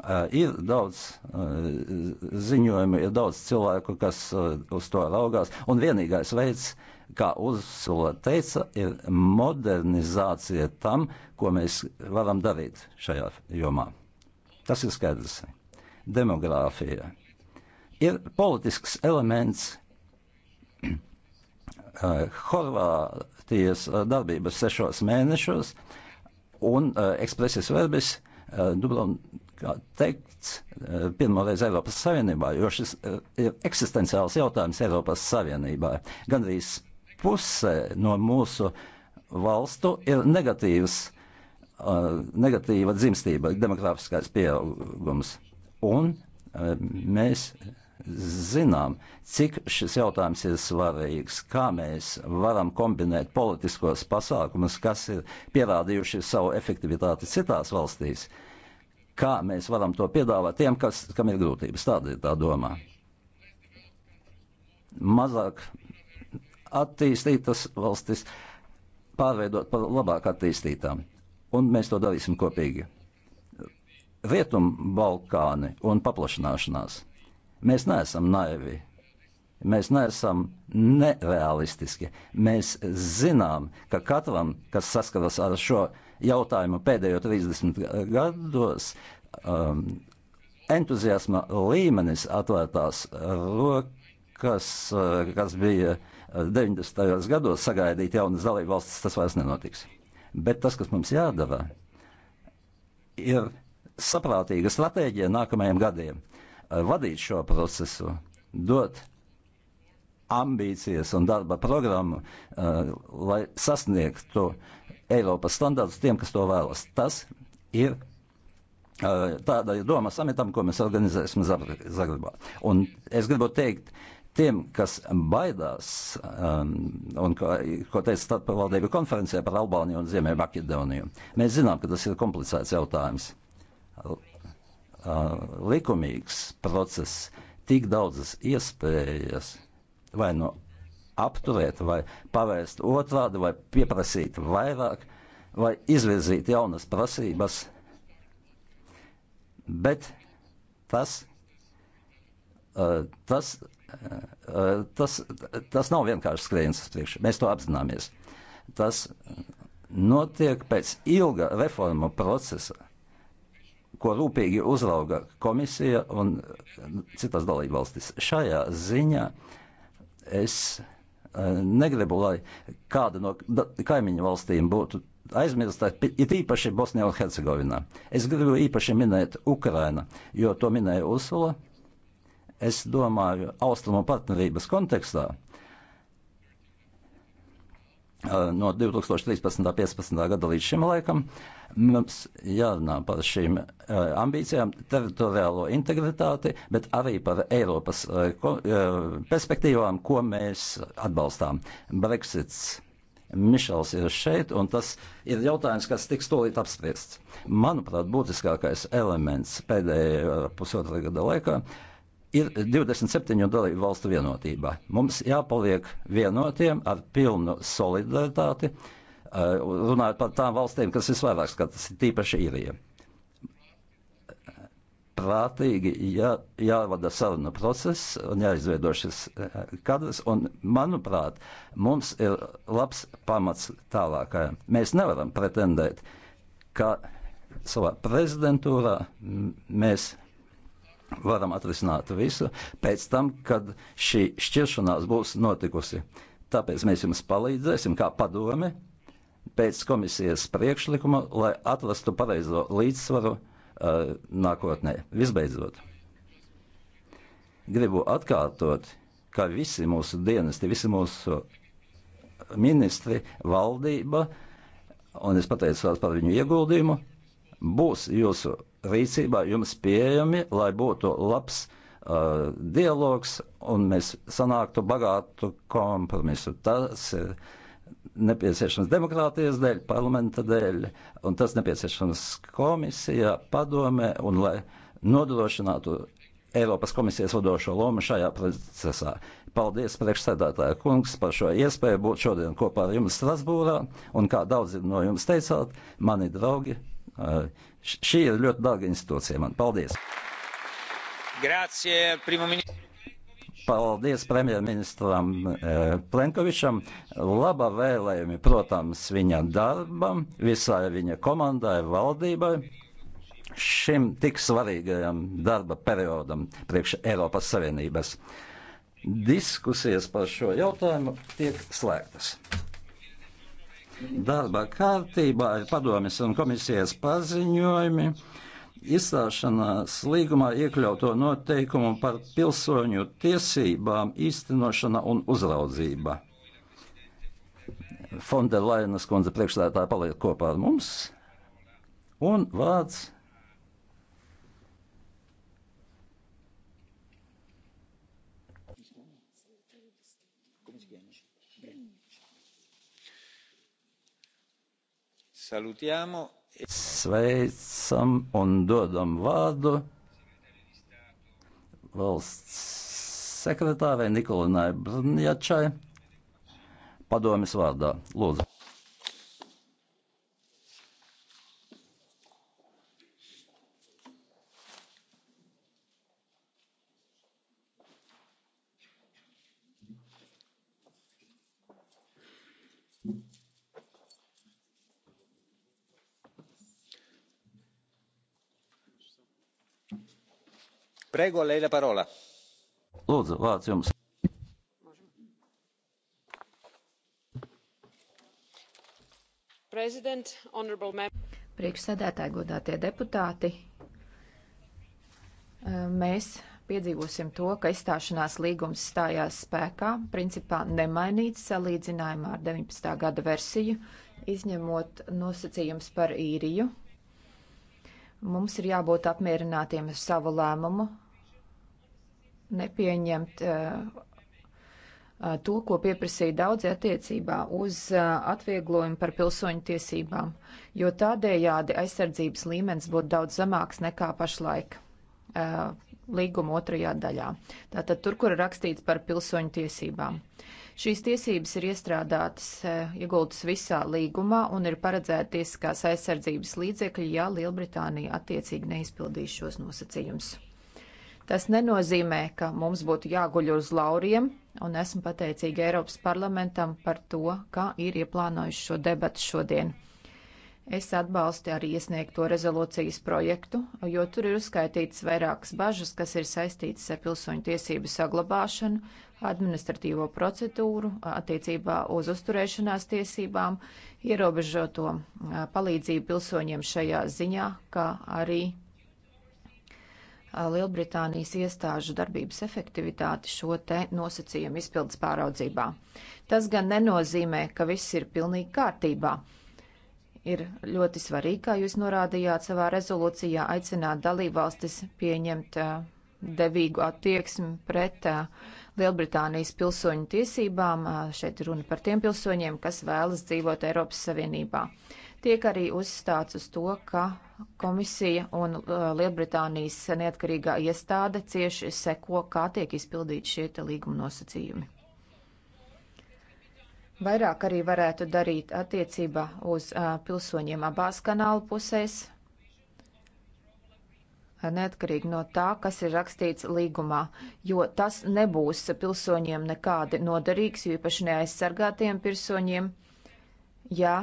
Uh, ir daudz uh, ziņojumu, ir daudz cilvēku, kas uh, uz to raugās, un vienīgais veids, kā Ursula teica, ir modernizācija tam, ko mēs varam darīt šajā jomā. Tas ir skaidrs. Demogrāfija ir politisks elements Horvātijas darbības sešos mēnešos, un ekspresis verbis Dubrovnikā teikts pirmoreiz Eiropas Savienībā, jo šis ir eksistenciāls jautājums Eiropas Savienībā. Gandrīz puse no mūsu valstu ir negatīvs, negatīva dzimstība, demografiskais pieaugums. Un mēs zinām, cik šis jautājums ir svarīgs, kā mēs varam kombinēt politiskos pasākumus, kas ir pierādījuši savu efektivitāti citās valstīs, kā mēs varam to piedāvāt tiem, kas, kam ir grūtības. Tāda ir tā doma. Mazāk attīstītas valstis pārveidot par labāk attīstītām, un mēs to darīsim kopīgi. Rietumbalkāni un paplašināšanās. Mēs neesam naivi. Mēs neesam nereālistiski. Mēs zinām, ka katram, kas saskaras ar šo jautājumu pēdējo 30 gados, um, entuziasma līmenis atvērtās rokas, uh, kas bija 90. Uh, gados, sagaidīt jaunas dalībvalstis, tas vairs nenotiks. Bet tas, kas mums jādara, ir saprātīga stratēģija nākamajiem gadiem. Eh, vadīt šo procesu, dot ambīcijas un darba programmu, uh, lai sasniegtu Eiropas standartus tiem, kas to vēlas. Tas ir uh, tāda ir doma samitam, ko mēs organizēsim Zagrebā. Un es gribu teikt tiem, kas baidās, um, un ko, ko teica starpvaldību konferencē par Albāniju un Ziemeļmaķedoniju, mēs zinām, ka tas ir komplicēts jautājums uh, likumīgs process, tik daudzas iespējas vai nu apturēt, vai pavērst otrādi, vai pieprasīt vairāk, vai izvirzīt jaunas prasības. Bet tas, uh, tas, uh, tas, tas nav vienkārši skrējiens uz priekšu. Mēs to apzināmies. Tas notiek pēc ilga reformu procesa ko rūpīgi uzrauga komisija un citas dalībvalstis. Šajā ziņā es e, negribu, lai kāda no kaimiņu valstīm būtu aizmirstā, it īpaši Bosnijā un Hercegovinā. Es gribu īpaši minēt Ukraina, jo to minēja Ursula. Es domāju, austrumu partnerības kontekstā no 2013. un 15. gada līdz šim laikam mums jārunā par šīm ambīcijām, teritoriālo integritāti, bet arī par Eiropas perspektīvām, ko mēs atbalstām. Brexits. Mišels ir šeit, un tas ir jautājums, kas tiks tūlīt apspriests. Manuprāt, būtiskākais elements pēdējā pusotra gada laikā uh, ir 27 dalību valstu vienotībā. Mums jāpaliek vienotiem ar pilnu solidaritāti, eh, runājot par tām valstīm, kas visvairāk skatās, tīpaši īrija. Prātīgi jā, jāvada saruna process un jāizveido šis eh, kadrs, un, manuprāt, mums ir labs pamats tālākajam. Mēs nevaram pretendēt, ka savā prezidentūrā mēs varam atrisināt visu pēc tam, kad šī šķiršanās būs notikusi. Tāpēc mēs jums palīdzēsim kā padome pēc komisijas priekšlikuma, lai atrastu pareizo līdzsvaru uh, nākotnē. Visbeidzot, gribu atkārtot, ka visi mūsu dienesti, visi mūsu ministri, valdība, un es pateicos par viņu ieguldījumu, būs jūsu rīcībā, jums pieejami, lai būtu labs uh, dialogs un mēs sanāktu bagātu kompromisu. Tas ir nepieciešams demokrātijas dēļ, parlamenta dēļ, un tas nepieciešams komisijā, padomē, un lai nodrošinātu Eiropas komisijas vadošo lomu šajā procesā. Paldies, priekšsēdētāja kungs, par šo iespēju būt šodien kopā ar jums Strasbūrā, un kā daudzi no jums teicāt, mani draugi, Šī ir ļoti dārga institūcija man. Paldies! Grazie, Paldies premjerministram eh, Plenkovičam. Labā vēlējumi, protams, viņa darbam, visai viņa komandai, valdībai, šim tik svarīgajam darba periodam priekš Eiropas Savienības. Diskusijas par šo jautājumu tiek slēgtas. Darba kārtībā ir padomjas un komisijas paziņojumi izstāšanās līgumā iekļauto noteikumu par pilsoņu tiesībām īstenošana un uzraudzība. Fonda Lainas kundze priekšstādātāja paliek kopā ar mums. Un vārds E Sveicam un dodam vārdu valsts sekretārei Nikolai Brunjačai padomjas vārdā. Lūdzu. Prego, Leila Parola. Lūdzu, vārds jums. Priekšsēdētāji, godātie deputāti, eh, mēs piedzīvosim to, ka izstāšanās līgums stājās spēkā, principā nemainīts salīdzinājumā ar 19. gada versiju, izņemot nosacījums par īriju. Mums ir jābūt apmierinātiem ar savu lēmumu, nepieņemt eh, eh, to, ko pieprasīja daudzi attiecībā uz eh, atvieglojumu par pilsoņu tiesībām, jo tādējādi aizsardzības līmenis būtu daudz zemāks nekā pašlaik līguma otrajā daļā. Tātad tur, kur ir rakstīts par pilsoņu tiesībām. Šīs tiesības ir iestrādātas, iegultas visā līgumā un ir paredzēta tiesiskās aizsardzības līdzekļi, ja Lielbritānija attiecīgi neizpildīs šos nosacījumus. Tas nenozīmē, ka mums būtu jāguļ uz lauriem, un esmu pateicīga Eiropas parlamentam par to, kā ir ieplānojuši šo debatu šodien. Es atbalstu arī iesniegto rezolūcijas projektu, jo tur ir uzskaitīts vairākas bažas, kas ir saistītas ar pilsoņu tiesību saglabāšanu, administratīvo procedūru attiecībā uz uzturēšanās tiesībām, ierobežoto palīdzību pilsoņiem šajā ziņā, kā arī Lielbritānijas iestāžu darbības efektivitāti šo te nosacījumu izpildes pāraudzībā. Tas gan nenozīmē, ka viss ir pilnīgi kārtībā. Ir ļoti svarīgi, kā jūs norādījāt savā rezolūcijā, aicināt dalībvalstis pieņemt devīgu attieksmi pret Lielbritānijas pilsoņu tiesībām. Šeit runa par tiem pilsoņiem, kas vēlas dzīvot Eiropas Savienībā. Tiek arī uzstāts uz to, ka komisija un uh, Lielbritānijas neatkarīgā iestāde cieši seko, kā tiek izpildīti šie līguma nosacījumi. Vairāk arī varētu darīt attiecībā uz uh, pilsoņiem abās kanāla pusēs, neatkarīgi no tā, kas ir rakstīts līgumā, jo tas nebūs pilsoņiem nekādi noderīgs, jo īpaši neaizsargātiem pilsoņiem, ja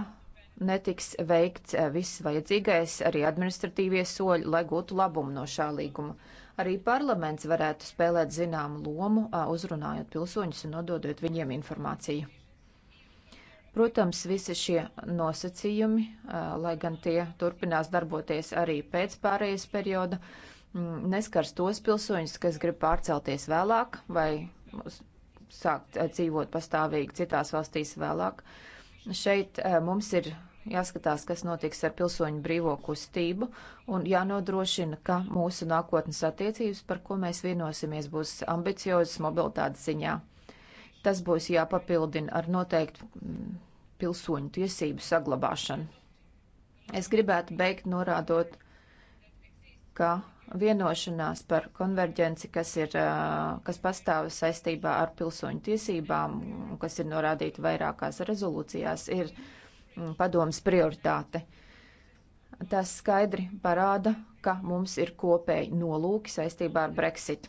netiks veikts eh, viss vajadzīgais, arī administratīvie soļi, lai gūtu labumu no šā līguma. Arī parlaments varētu spēlēt zināmu lomu, eh, uzrunājot pilsoņus un nododot viņiem informāciju. Protams, visi šie nosacījumi, eh, lai gan tie turpinās darboties arī pēc pārējais perioda, mm, neskars tos pilsoņus, kas grib pārcelties vēlāk vai sākt dzīvot pastāvīgi citās valstīs vēlāk. Šeit mums ir jāskatās, kas notiks ar pilsoņu brīvo kustību un jānodrošina, ka mūsu nākotnes attiecības, par ko mēs vienosimies, būs ambiciozas mobilitātes ziņā. Tas būs jāpapildina ar noteiktu mm, pilsoņu tiesību saglabāšanu. Es gribētu beigt norādot, ka vienošanās par konverģenci, kas, ir, kas pastāv saistībā ar pilsoņu tiesībām, kas ir norādīta vairākās rezolūcijās, ir Mm, padomas prioritāte. Tas skaidri parāda, ka mums ir kopēji nolūki saistībā ar Brexit.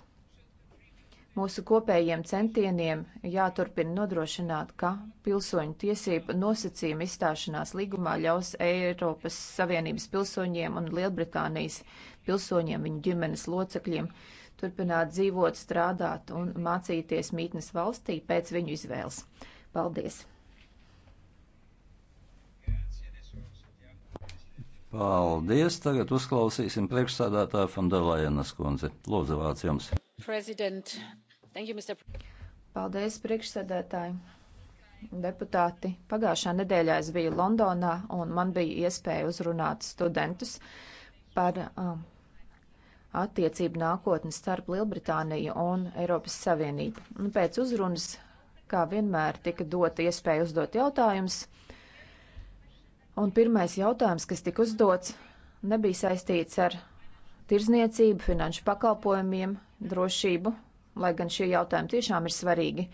Mūsu kopējiem centieniem jāturpina nodrošināt, ka pilsoņu tiesību nosacījuma izstāšanās līgumā ļaus Eiropas Savienības pilsoņiem un Lielbritānijas pilsoņiem, viņu ģimenes locekļiem, turpināt dzīvot, strādāt un mācīties mītnes valstī pēc viņu izvēles. Paldies! Paldies! Tagad uzklausīsim priekšsādātāju Fondelainas kundzi. Lūdzu, vārds jums. You, Paldies, priekšsādātāji! Deputāti, pagājušā nedēļā es biju Londonā un man bija iespēja uzrunāt studentus par um, attiecību nākotni starp Lielbritāniju un Eiropas Savienību. Un nu, pēc uzrunas, kā vienmēr, tika dota iespēja uzdot jautājumus Un pirmais jautājums, kas tika uzdots, nebija saistīts ar tirzniecību, finanšu pakalpojumiem, drošību, lai gan šie jautājumi tiešām ir svarīgi.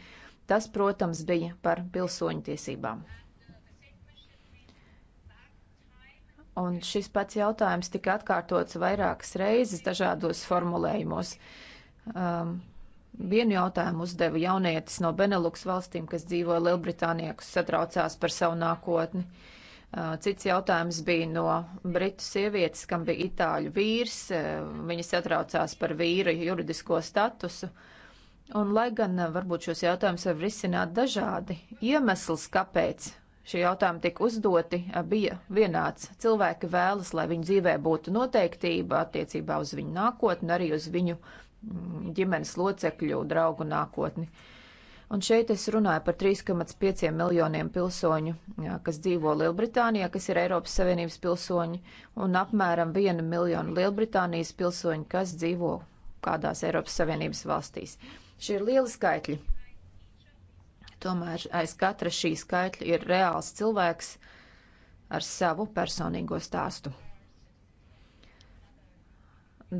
Tas, protams, bija par pilsoņu tiesībām. Un šis pats jautājums tika atkārtots vairākas reizes dažādos formulējumos. Um, Vienu jautājumu uzdeva jaunietis no Beneluks valstīm, kas dzīvoja Lielbritānijā, kas satraucās par savu nākotni. Uh, Cits jautājums bija no britu sievietes, kam bija itāļu vīrs. Viņa satraucās par vīru juridisko statusu. Un, lai gan varbūt šos jautājumus var risināt dažādi, iemesls, kāpēc šie jautājumi tika uzdoti, bija vienāds. Cilvēki vēlas, lai viņu dzīvē būtu noteiktība attiecībā uz viņu nākotni, arī uz viņu mm, ģimenes locekļu, draugu nākotni. Uh, Un šeit es runāju par 3,5 miljoniem pilsoņu, jā, kas dzīvo Lielbritānijā, kas ir Eiropas Savienības pilsoņi, un apmēram 1 miljonu Lielbritānijas pilsoņu, kas dzīvo kādās Eiropas Savienības valstīs. Šie ir lieli skaitļi. Tomēr aiz katra šī skaitļa ir reāls cilvēks ar savu personīgo stāstu.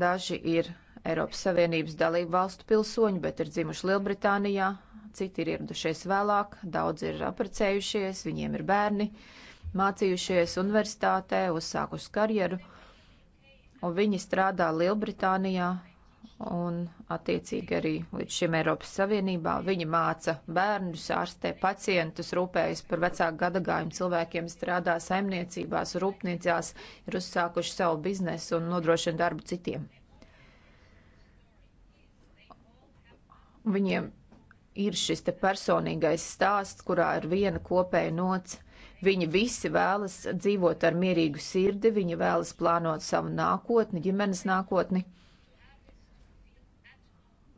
Daži ir Eiropas Savienības dalību valstu pilsoņi, bet ir dzimuši Lielbritānijā, citi ir ieradušies vēlāk, daudz ir aprecējušies, viņiem ir bērni, mācījušies universitātē, uzsākuši karjeru, un viņi strādā Lielbritānijā un attiecīgi arī līdz šim Eiropas Savienībā. Viņi māca bērnus, ārstē pacientus, rūpējas par vecāku gadagājumu cilvēkiem, strādā saimniecībās, rūpniecās, ir uzsākuši savu biznesu un nodrošina darbu citiem. Viņiem ir šis te personīgais stāsts, kurā ir viena kopēja nots. Viņi visi vēlas dzīvot ar mierīgu sirdi, viņi vēlas plānot savu nākotni, ģimenes nākotni.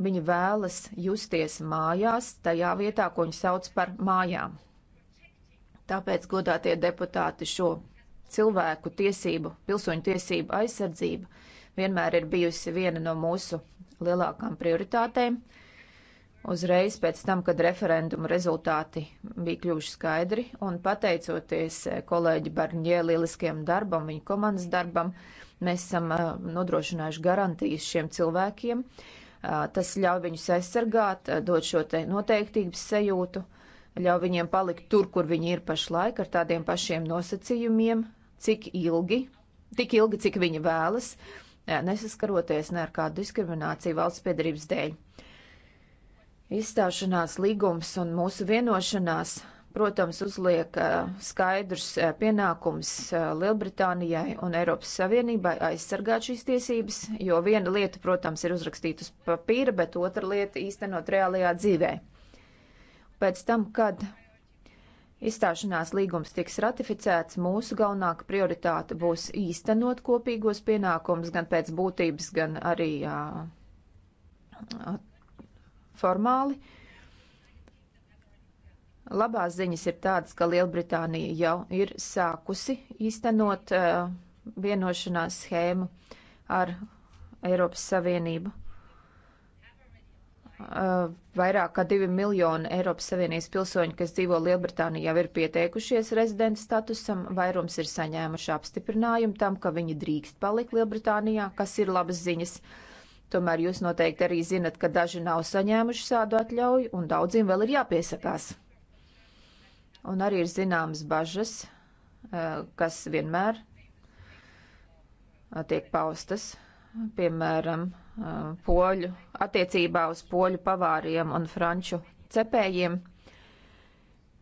Viņi vēlas justies mājās, tajā vietā, ko viņi sauc par mājām. Tāpēc, godātie deputāti, šo cilvēku tiesību, pilsoņu tiesību aizsardzība vienmēr ir bijusi viena no mūsu lielākām prioritātēm uzreiz pēc tam, kad referenduma rezultāti bija kļuvuši skaidri, un pateicoties eh, kolēģi Barņē lieliskiem darbam, viņa komandas darbam, mēs esam eh, nodrošinājuši garantijas šiem cilvēkiem. Eh, tas ļauj viņus aizsargāt, dod šo te noteiktības sajūtu, ļauj viņiem palikt tur, kur viņi ir pašlaik, ar tādiem pašiem nosacījumiem, cik ilgi, tik ilgi, cik viņi vēlas, nesaskaroties ne ar kādu diskrimināciju valsts piedarības dēļ. Izstāšanās līgums un mūsu vienošanās, protams, uzliek skaidrs pienākums Lielbritānijai un Eiropas Savienībai aizsargāt šīs tiesības, jo viena lieta, protams, ir uzrakstīta uz papīra, bet otra lieta īstenot reālajā dzīvē. Pēc tam, kad Izstāšanās līgums tiks ratificēts, mūsu galvenā prioritāte būs īstenot kopīgos pienākumus gan pēc būtības, gan arī jā, formāli. Labās ziņas ir tādas, ka Lielbritānija jau ir sākusi īstenot uh, vienošanās schēmu ar Eiropas Savienību. Uh, vairāk kā divi miljoni Eiropas Savienības pilsoņi, kas dzīvo Lielbritānijā, jau ir pieteikušies rezidenta statusam. Vairums ir saņēmuši apstiprinājumu tam, ka viņi drīkst palikt Lielbritānijā, kas ir labas ziņas. Uh, Tomēr jūs noteikti arī zinat, ka daži nav saņēmuši šādu atļauju un daudziem vēl ir jāpiesakās. Un arī ir zināmas bažas, eh, kas vienmēr eh, tiek paustas, piemēram, eh, poļu attiecībā uz poļu pavāriem un franču cepējiem.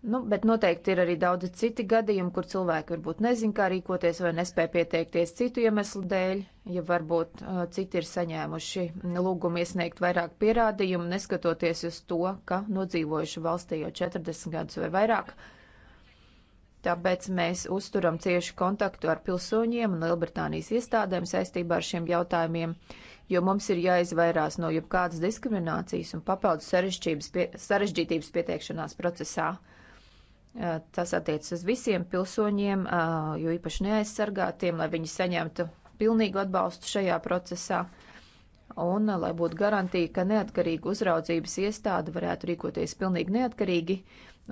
Nu, bet noteikti ir arī daudzi citi gadījumi, kur cilvēki varbūt nezin, kā rīkoties vai nespēja pieteikties citu iemeslu dēļ, ja varbūt uh, citi ir saņēmuši lūgumu iesniegt vairāk pierādījumu, neskatoties uz to, ka nodzīvojuši valstī jau 40 gadus vai vairāk. Tāpēc mēs uzturam cieši kontaktu ar pilsoņiem un Lielbritānijas iestādēm saistībā ar šiem jautājumiem, jo mums ir jāizvairās no jebkādas diskriminācijas un papildus sarežģības pie, sarežģītības pieteikšanās procesā. Tas attiecas uz visiem pilsoņiem, jo īpaši neaizsargātiem, lai viņi saņemtu pilnīgu atbalstu šajā procesā un lai būtu garantīja, ka neatkarīga uzraudzības iestāde varētu rīkoties pilnīgi neatkarīgi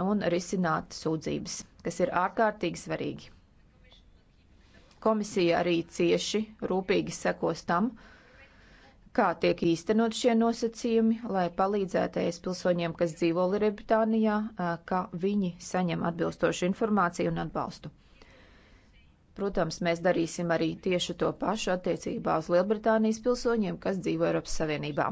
un risināt sūdzības, kas ir ārkārtīgi svarīgi. Komisija arī cieši rūpīgi sekos tam, uh, kā tiek īstenot šie nosacījumi, lai palīdzētu es pilsoņiem, kas dzīvo Lielbritānijā, ka viņi saņem atbilstošu informāciju un atbalstu. Protams, mēs darīsim arī tieši to pašu attiecībā uz Lielbritānijas pilsoņiem, kas dzīvo Eiropas Savienībā.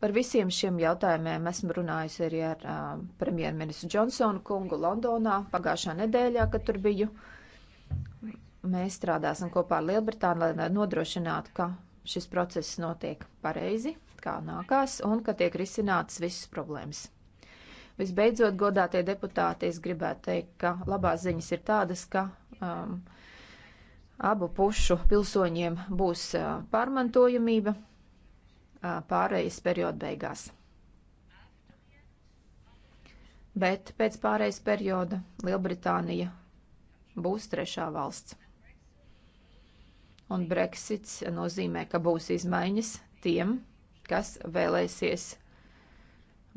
Par visiem šiem jautājumiem esmu runājusi arī ar uh, premjerministru Džonsonu kungu Londonā pagājušā nedēļā, kad tur biju. Mēs strādāsim kopā ar Lielbritāniju, lai nodrošinātu, ka šis process notiek pareizi, kā nākās, un ka tiek risinātas visas problēmas. Visbeidzot, godātie deputāti, es gribētu teikt, ka labās ziņas ir tādas, ka um, abu pušu pilsoņiem būs uh, pārmantojamība uh, pārējais perioda beigās. Bet pēc pārējais perioda Lielbritānija būs trešā valsts un Brexits nozīmē, ka būs izmaiņas tiem, kas vēlēsies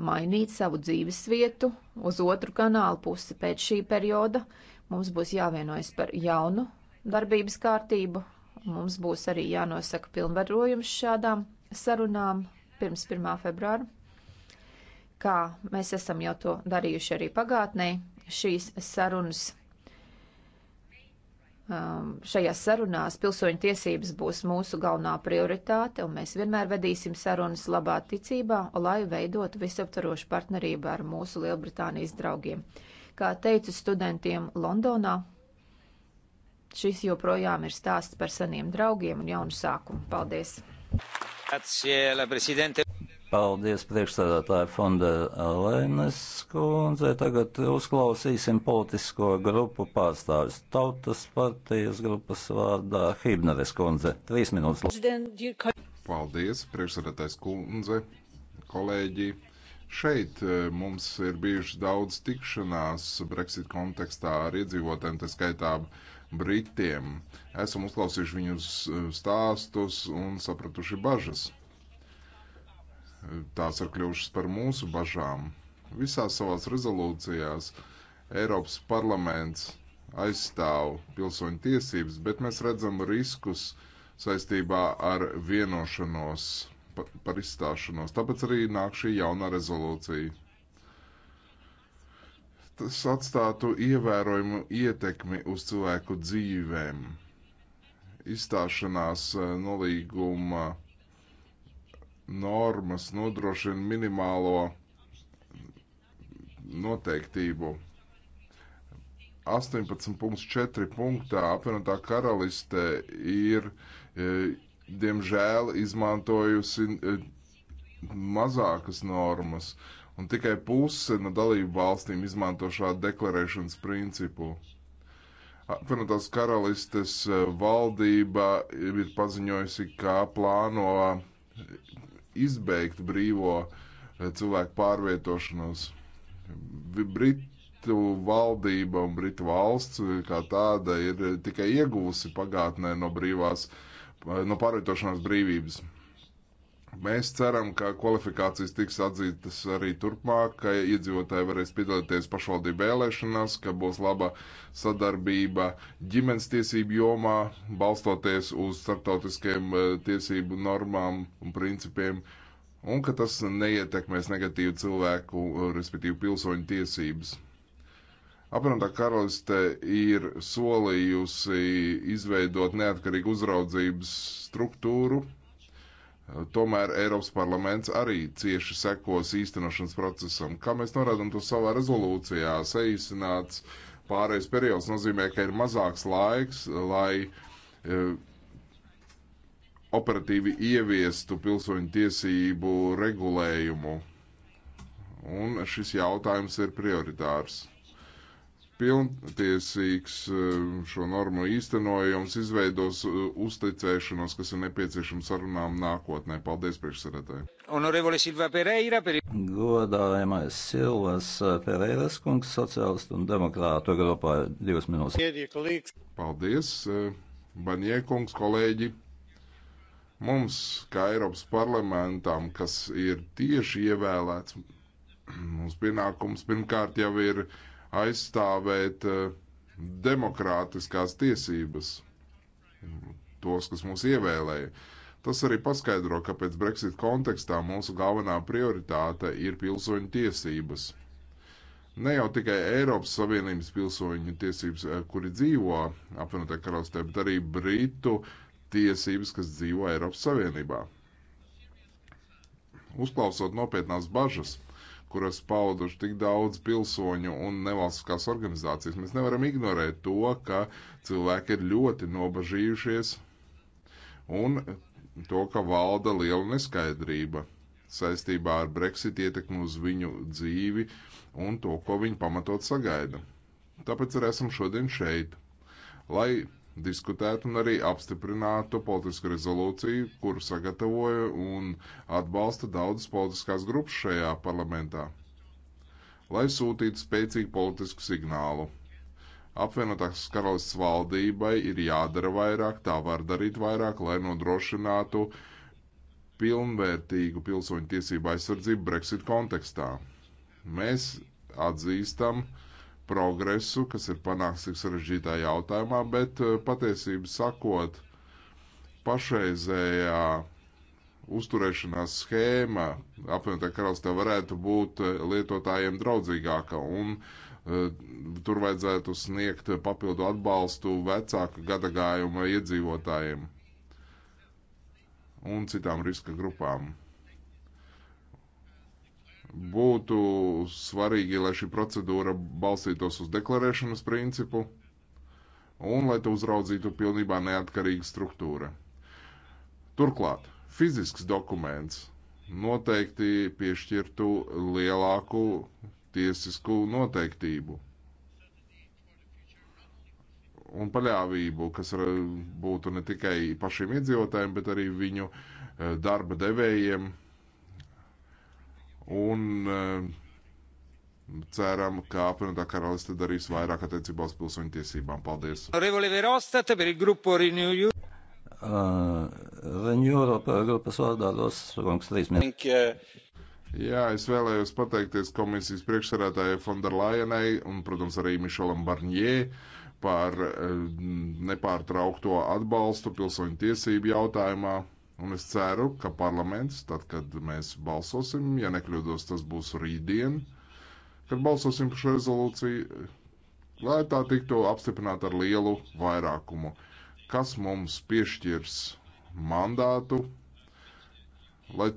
mainīt savu dzīvesvietu uz otru kanālu pusi pēc šī perioda. Mums būs jāvienojas par jaunu darbības kārtību, mums būs arī jānosaka pilnvarojums šādām sarunām pirms 1. februāra. Kā mēs esam jau to darījuši arī pagātnē, šīs sarunas Um, šajās sarunās pilsoņu tiesības būs mūsu galvenā prioritāte, un mēs vienmēr vedīsim sarunas labā ticībā, lai veidotu visaptvarošu partnerību ar mūsu Lielbritānijas draugiem. Kā teicu studentiem Londonā, šis joprojām ir stāsts par seniem draugiem un jaunu sākumu. Paldies! Grazie, Paldies priekšstādātāju fonda Lēnes kundze. Tagad uzklausīsim politisko grupu pārstāvis Tautas partijas grupas vārdā Hibneres kundze. Trīs minūtes. Paldies, priekšstādātājs kundze, kolēģi. Šeit eh, mums ir bijuši daudz tikšanās Brexit kontekstā ar iedzīvotēm, tā skaitā Britiem. Esam uzklausījuši viņus stāstus un sapratuši bažas Tās ir kļuvušas par mūsu bažām. Visās savās rezolūcijās Eiropas parlaments aizstāv pilsoņu tiesības, bet mēs redzam riskus saistībā ar vienošanos par izstāšanos. Tāpēc arī nāk šī jaunā rezolūcija. Tas atstātu ievērojumu ietekmi uz cilvēku dzīvēm. Izstāšanās eh, nolīguma normas nodrošina minimālo noteiktību. 18.4. punktā apvienotā karaliste ir, e, diemžēl, izmantojusi e, mazākas normas, un tikai puse no dalību valstīm izmanto šādu deklarēšanas principu. Apvienotās karalistes e, valdība ir paziņojusi, ka plāno izbeigt brīvo eh, cilvēku pārvietošanos. Britu valdība un Britu valsts kā tāda ir tikai ieguvusi pagātnē no brīvās, eh, no pārvietošanās brīvības. Mēs ceram, ka kvalifikācijas tiks atzītas arī turpmāk, ka iedzīvotāji varēs piedalīties pašvaldību vēlēšanās, ka būs laba sadarbība ģimenes tiesību jomā, balstoties uz starptautiskiem eh, tiesību normām un principiem, un ka tas neietekmēs negatīvi cilvēku, eh, respektīvi pilsoņu tiesības. Apvienotā karaliste ir solījusi izveidot neatkarīgu uzraudzības struktūru Tomēr Eiropas parlaments arī cieši sekos īstenošanas procesam. Kā mēs norādām to savā rezolūcijā, saīsināts pārējais periods nozīmē, ka ir mazāks laiks, lai e, operatīvi ieviestu pilsoņu tiesību regulējumu. Un šis jautājums ir prioritārs pilntiesīgs eh, šo normu īstenojums izveidos eh, uzticēšanos, kas ir nepieciešams sarunām nākotnē. Paldies, priekšsēdētāji! Honorevole Silva Pereira. Per... Godājamais Silvas eh, Pereiras kungs, sociālistu un demokrātu grupā divas minūtes. Paldies, Banjē kungs, kolēģi! Mums, kā Eiropas parlamentam, kas ir tieši ievēlēts, mums pienākums pirmkārt jau ir uh, aizstāvēt eh, demokrātiskās tiesības, tos, kas mūs ievēlēja. Tas arī paskaidro, kāpēc Brexit kontekstā mūsu galvenā prioritāte ir pilsoņu tiesības. Ne jau tikai Eiropas Savienības pilsoņu tiesības, eh, kuri dzīvo apvienotā karalistē, bet arī Britu tiesības, kas dzīvo Eiropas Savienībā. Uzklausot nopietnās bažas, kuras pauduši tik daudz pilsoņu un nevalstiskās organizācijas. Mēs nevaram ignorēt to, ka cilvēki ir ļoti nobažījušies un to, ka valda liela neskaidrība saistībā ar Brexit ietekmi uz viņu dzīvi un to, ko viņi pamatot sagaida. Tāpēc arī esam šodien šeit, lai diskutētu un arī apstiprinātu politisku rezolūciju, kuru sagatavoja un atbalsta daudzas politiskās grupas šajā parlamentā, lai sūtītu spēcīgu politisku signālu. Apvienotās karalists valdībai ir jādara vairāk, tā var darīt vairāk, lai nodrošinātu pilnvērtīgu pilsoņu tiesību aizsardzību Brexit kontekstā. Mēs atzīstam, uh, progresu, kas ir panāks tik sarežģītā jautājumā, bet eh, patiesību sakot, pašreizējā uzturēšanās schēma apvienotā karalistē varētu būt eh, lietotājiem draudzīgāka un uh, tur vajadzētu sniegt papildu atbalstu vecāka gadagājuma iedzīvotājiem un citām riska grupām būtu svarīgi, lai šī procedūra balstītos uz deklarēšanas principu un lai to uzraudzītu pilnībā neatkarīga struktūra. Turklāt fizisks dokuments noteikti piešķirtu lielāku tiesisku noteiktību un paļāvību, kas būtu ne tikai pašiem iedzīvotājiem, bet arī viņu eh, darba devējiem un eh, ceram, ka apvienotā karaliste darīs vairāk attiecībā uz pilsoņu tiesībām. Paldies! Uh, Renew Europa grupas vārdā Loskungs trīs minūtes. Jā, es vēlējos pateikties komisijas priekšsarētājai Fonderlajenai un, protams, arī Mišelam Barņē par eh, nepārtraukto atbalstu pilsoņu tiesību jautājumā. Un es ceru, ka parlaments, tad, kad mēs balsosim, ja nekļūdos, tas būs rītdien, kad balsosim par šo rezolūciju, lai tā tiktu apstiprināta ar lielu vairākumu, kas mums piešķirs mandātu, lai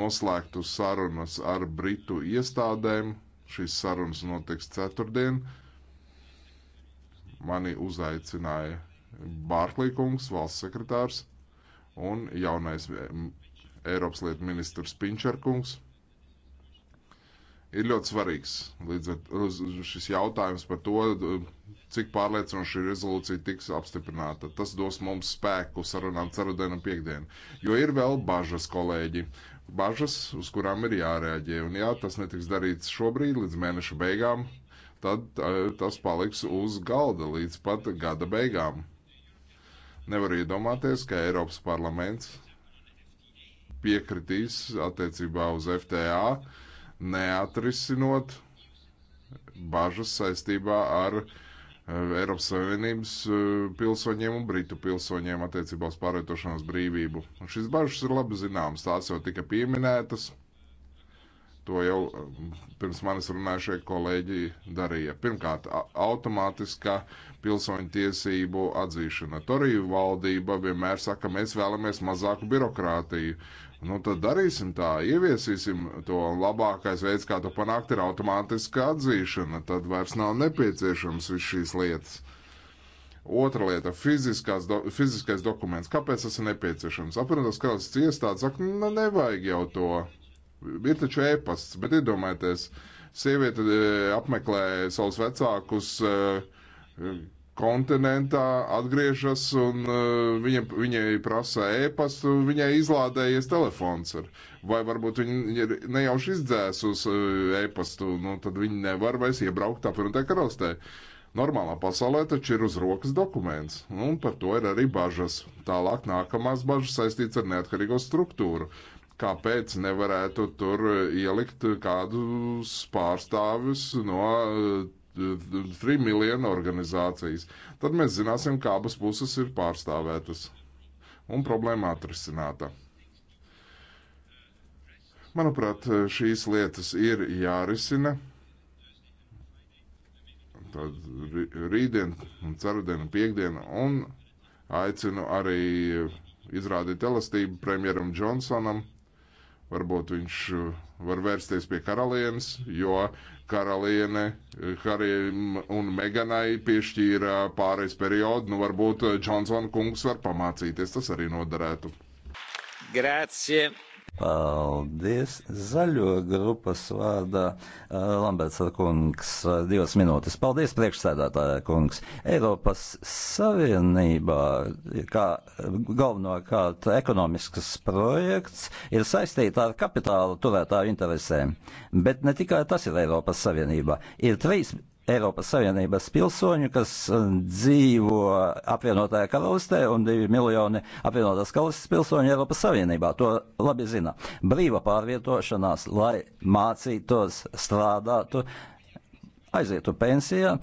noslēgtu sarunas ar Britu iestādēm. Šīs sarunas notiks ceturtdien. Mani uzaicināja Bārklīkungs, valsts sekretārs un jaunais mm, Eiropas lietu ministrs Pinčerkungs. Ir ļoti svarīgs līdz ar šis jautājums par to, cik pārliecinoši šī rezolūcija tiks apstiprināta. Tas dos mums spēku sarunām cerudienu un piekdienu. Jo ir vēl bažas, kolēģi, bažas, uz kurām ir jārēģē. Un ja tas netiks darīts šobrīd līdz mēneša beigām, tad eh, tas paliks uz galda līdz pat gada beigām. Nevar iedomāties, ka Eiropas parlaments piekritīs attiecībā uz FTA, neatrisinot bažas saistībā ar eh, Eiropas Savienības eh, pilsoņiem un Britu pilsoņiem attiecībā uz pārvietošanās brīvību. Un šis bažas ir labi zināmas, tās jau tika pieminētas. To jau eh, pirms manis runājušie kolēģi darīja. Pirmkārt, automātiskā pilsoņu tiesību atzīšana. Toriju valdība vienmēr saka, mēs vēlamies mazāku birokrātiju. Nu, tad darīsim tā, ieviesīsim to labākais veids, kā to panākt, ir automātiska atzīšana. Tad vairs nav nepieciešams viss šīs lietas. Otra lieta - do, fiziskais dokuments. Kāpēc tas ir nepieciešams? Apvienotās karalists iestādes saka, nu, nevajag jau to. Ir taču ēpasts, bet iedomājieties, sieviete e, apmeklē savus vecākus e, e, kontinentā, atgriežas un viņa, viņai prasa ēpastu, viņai izlādējies telefons. Ar, vai varbūt viņa ir nejauši izdzēsus ēpastu, nu tad viņa nevar vairs iebraukt apvienotā karalstē. Normālā pasaulē taču ir uz rokas dokuments, un par to ir arī bažas. Tālāk nākamās bažas saistīts ar neatkarīgo struktūru kāpēc nevarētu tur ielikt kādus pārstāvis no eh, trim miljonu organizācijas. Tad mēs zināsim, kā abas puses ir pārstāvētas un problēma atrisināta. Manuprāt, šīs lietas ir jārisina. Tad rītdien, ceturtdien un piekdien, un aicinu arī izrādīt elastību premjeram Džonsonam Varbūt viņš eh, var vērsties pie karalienes, jo karaliene eh, Harijam un Meganai piešķīra pārejas periodu. Nu, varbūt eh, Džonsona kungs var pamācīties, tas arī noderētu. Grazie! Paldies! Zaļo grupas vārdā Lamberts kungs, divas minūtes. Paldies, priekšsēdētāja kungs! Eiropas Savienībā, kā galvenokārt ekonomisks projekts, ir saistīta ar kapitālu turētāju interesēm. Bet ne tikai tas ir Eiropas Savienībā. Ir trīs Eiropas Savienības pilsoņu, kas eh, dzīvo apvienotajā karalistē un divi miljoni apvienotās karalistes pilsoņu Eiropas Savienībā. To labi zina. Brīva pārvietošanās, lai mācītos, strādātu, aizietu pensijā.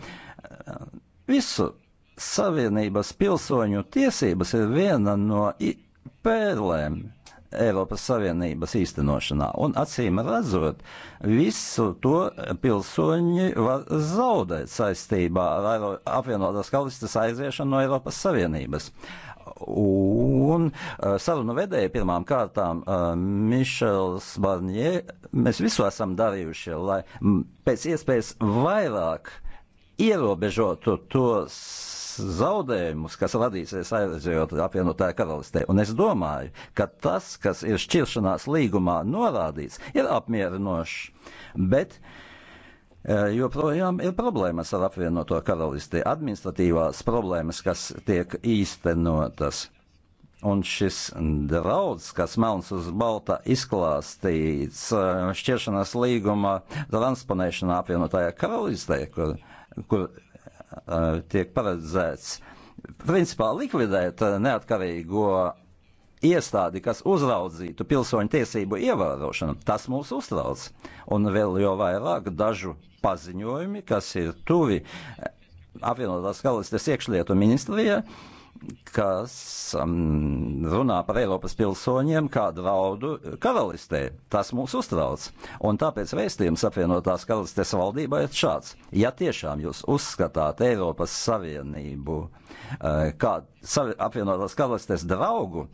Visu Savienības pilsoņu tiesības ir viena no pērlēm Eiropas Savienības īstenošanā. Un acīm redzot, visu to pilsoņi var zaudēt saistībā ar apvienotās kalistas aiziešanu no Eiropas Savienības. Un uh, sarunu vedēja pirmām kārtām uh, Mišels Barnie, mēs visu esam darījuši, lai pēc iespējas vairāk uh, ierobežotu tos zaudējumus, kas radīsies aizejot apvienotāju karalistē. Un es domāju, ka tas, kas ir šķiršanās līgumā norādīts, ir apmierinošs. Bet e, joprojām ir problēmas ar apvienoto karalisti, administratīvās problēmas, kas tiek īstenotas. Un šis draudz, kas melns uz balta izklāstīts e, šķiršanās līguma transponēšanā apvienotajā karalistē, kur kur uh, tiek paredzēts principā likvidēt neatkarīgo iestādi, kas uzraudzītu pilsoņu tiesību ievērošanu, tas mūs uztrauc. Un vēl jau vairāk dažu paziņojumi, kas ir tuvi apvienotās karalistes iekšlietu ministrijai, kas um, runā par Eiropas pilsoņiem kā draudu karalistē. Tas mūs uztrauc. Un tāpēc vēstījums apvienotās karalistes valdībā ir šāds. Ja tiešām jūs uzskatāt Eiropas Savienību uh, kā savi, apvienotās karalistes draugu,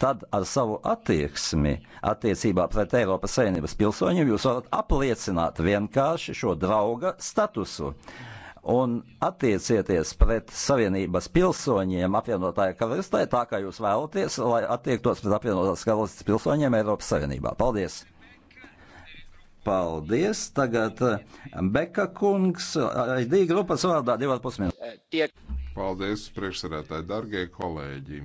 tad ar savu attieksmi attiecībā pret Eiropas Savienības pilsoņiem jūs varat apliecināt vienkārši šo drauga statusu. Uh, un attiecieties pret Savienības pilsoņiem apvienotāja karalistē tā, kā jūs vēlaties, lai attiektos pret apvienotās karalistes pilsoņiem Eiropas Savienībā. Paldies! Paldies! Tagad eh, Beka kungs, eh, ID grupas vārdā 2,5 minūtes. Paldies, priekšsarētāji, dargie kolēģi!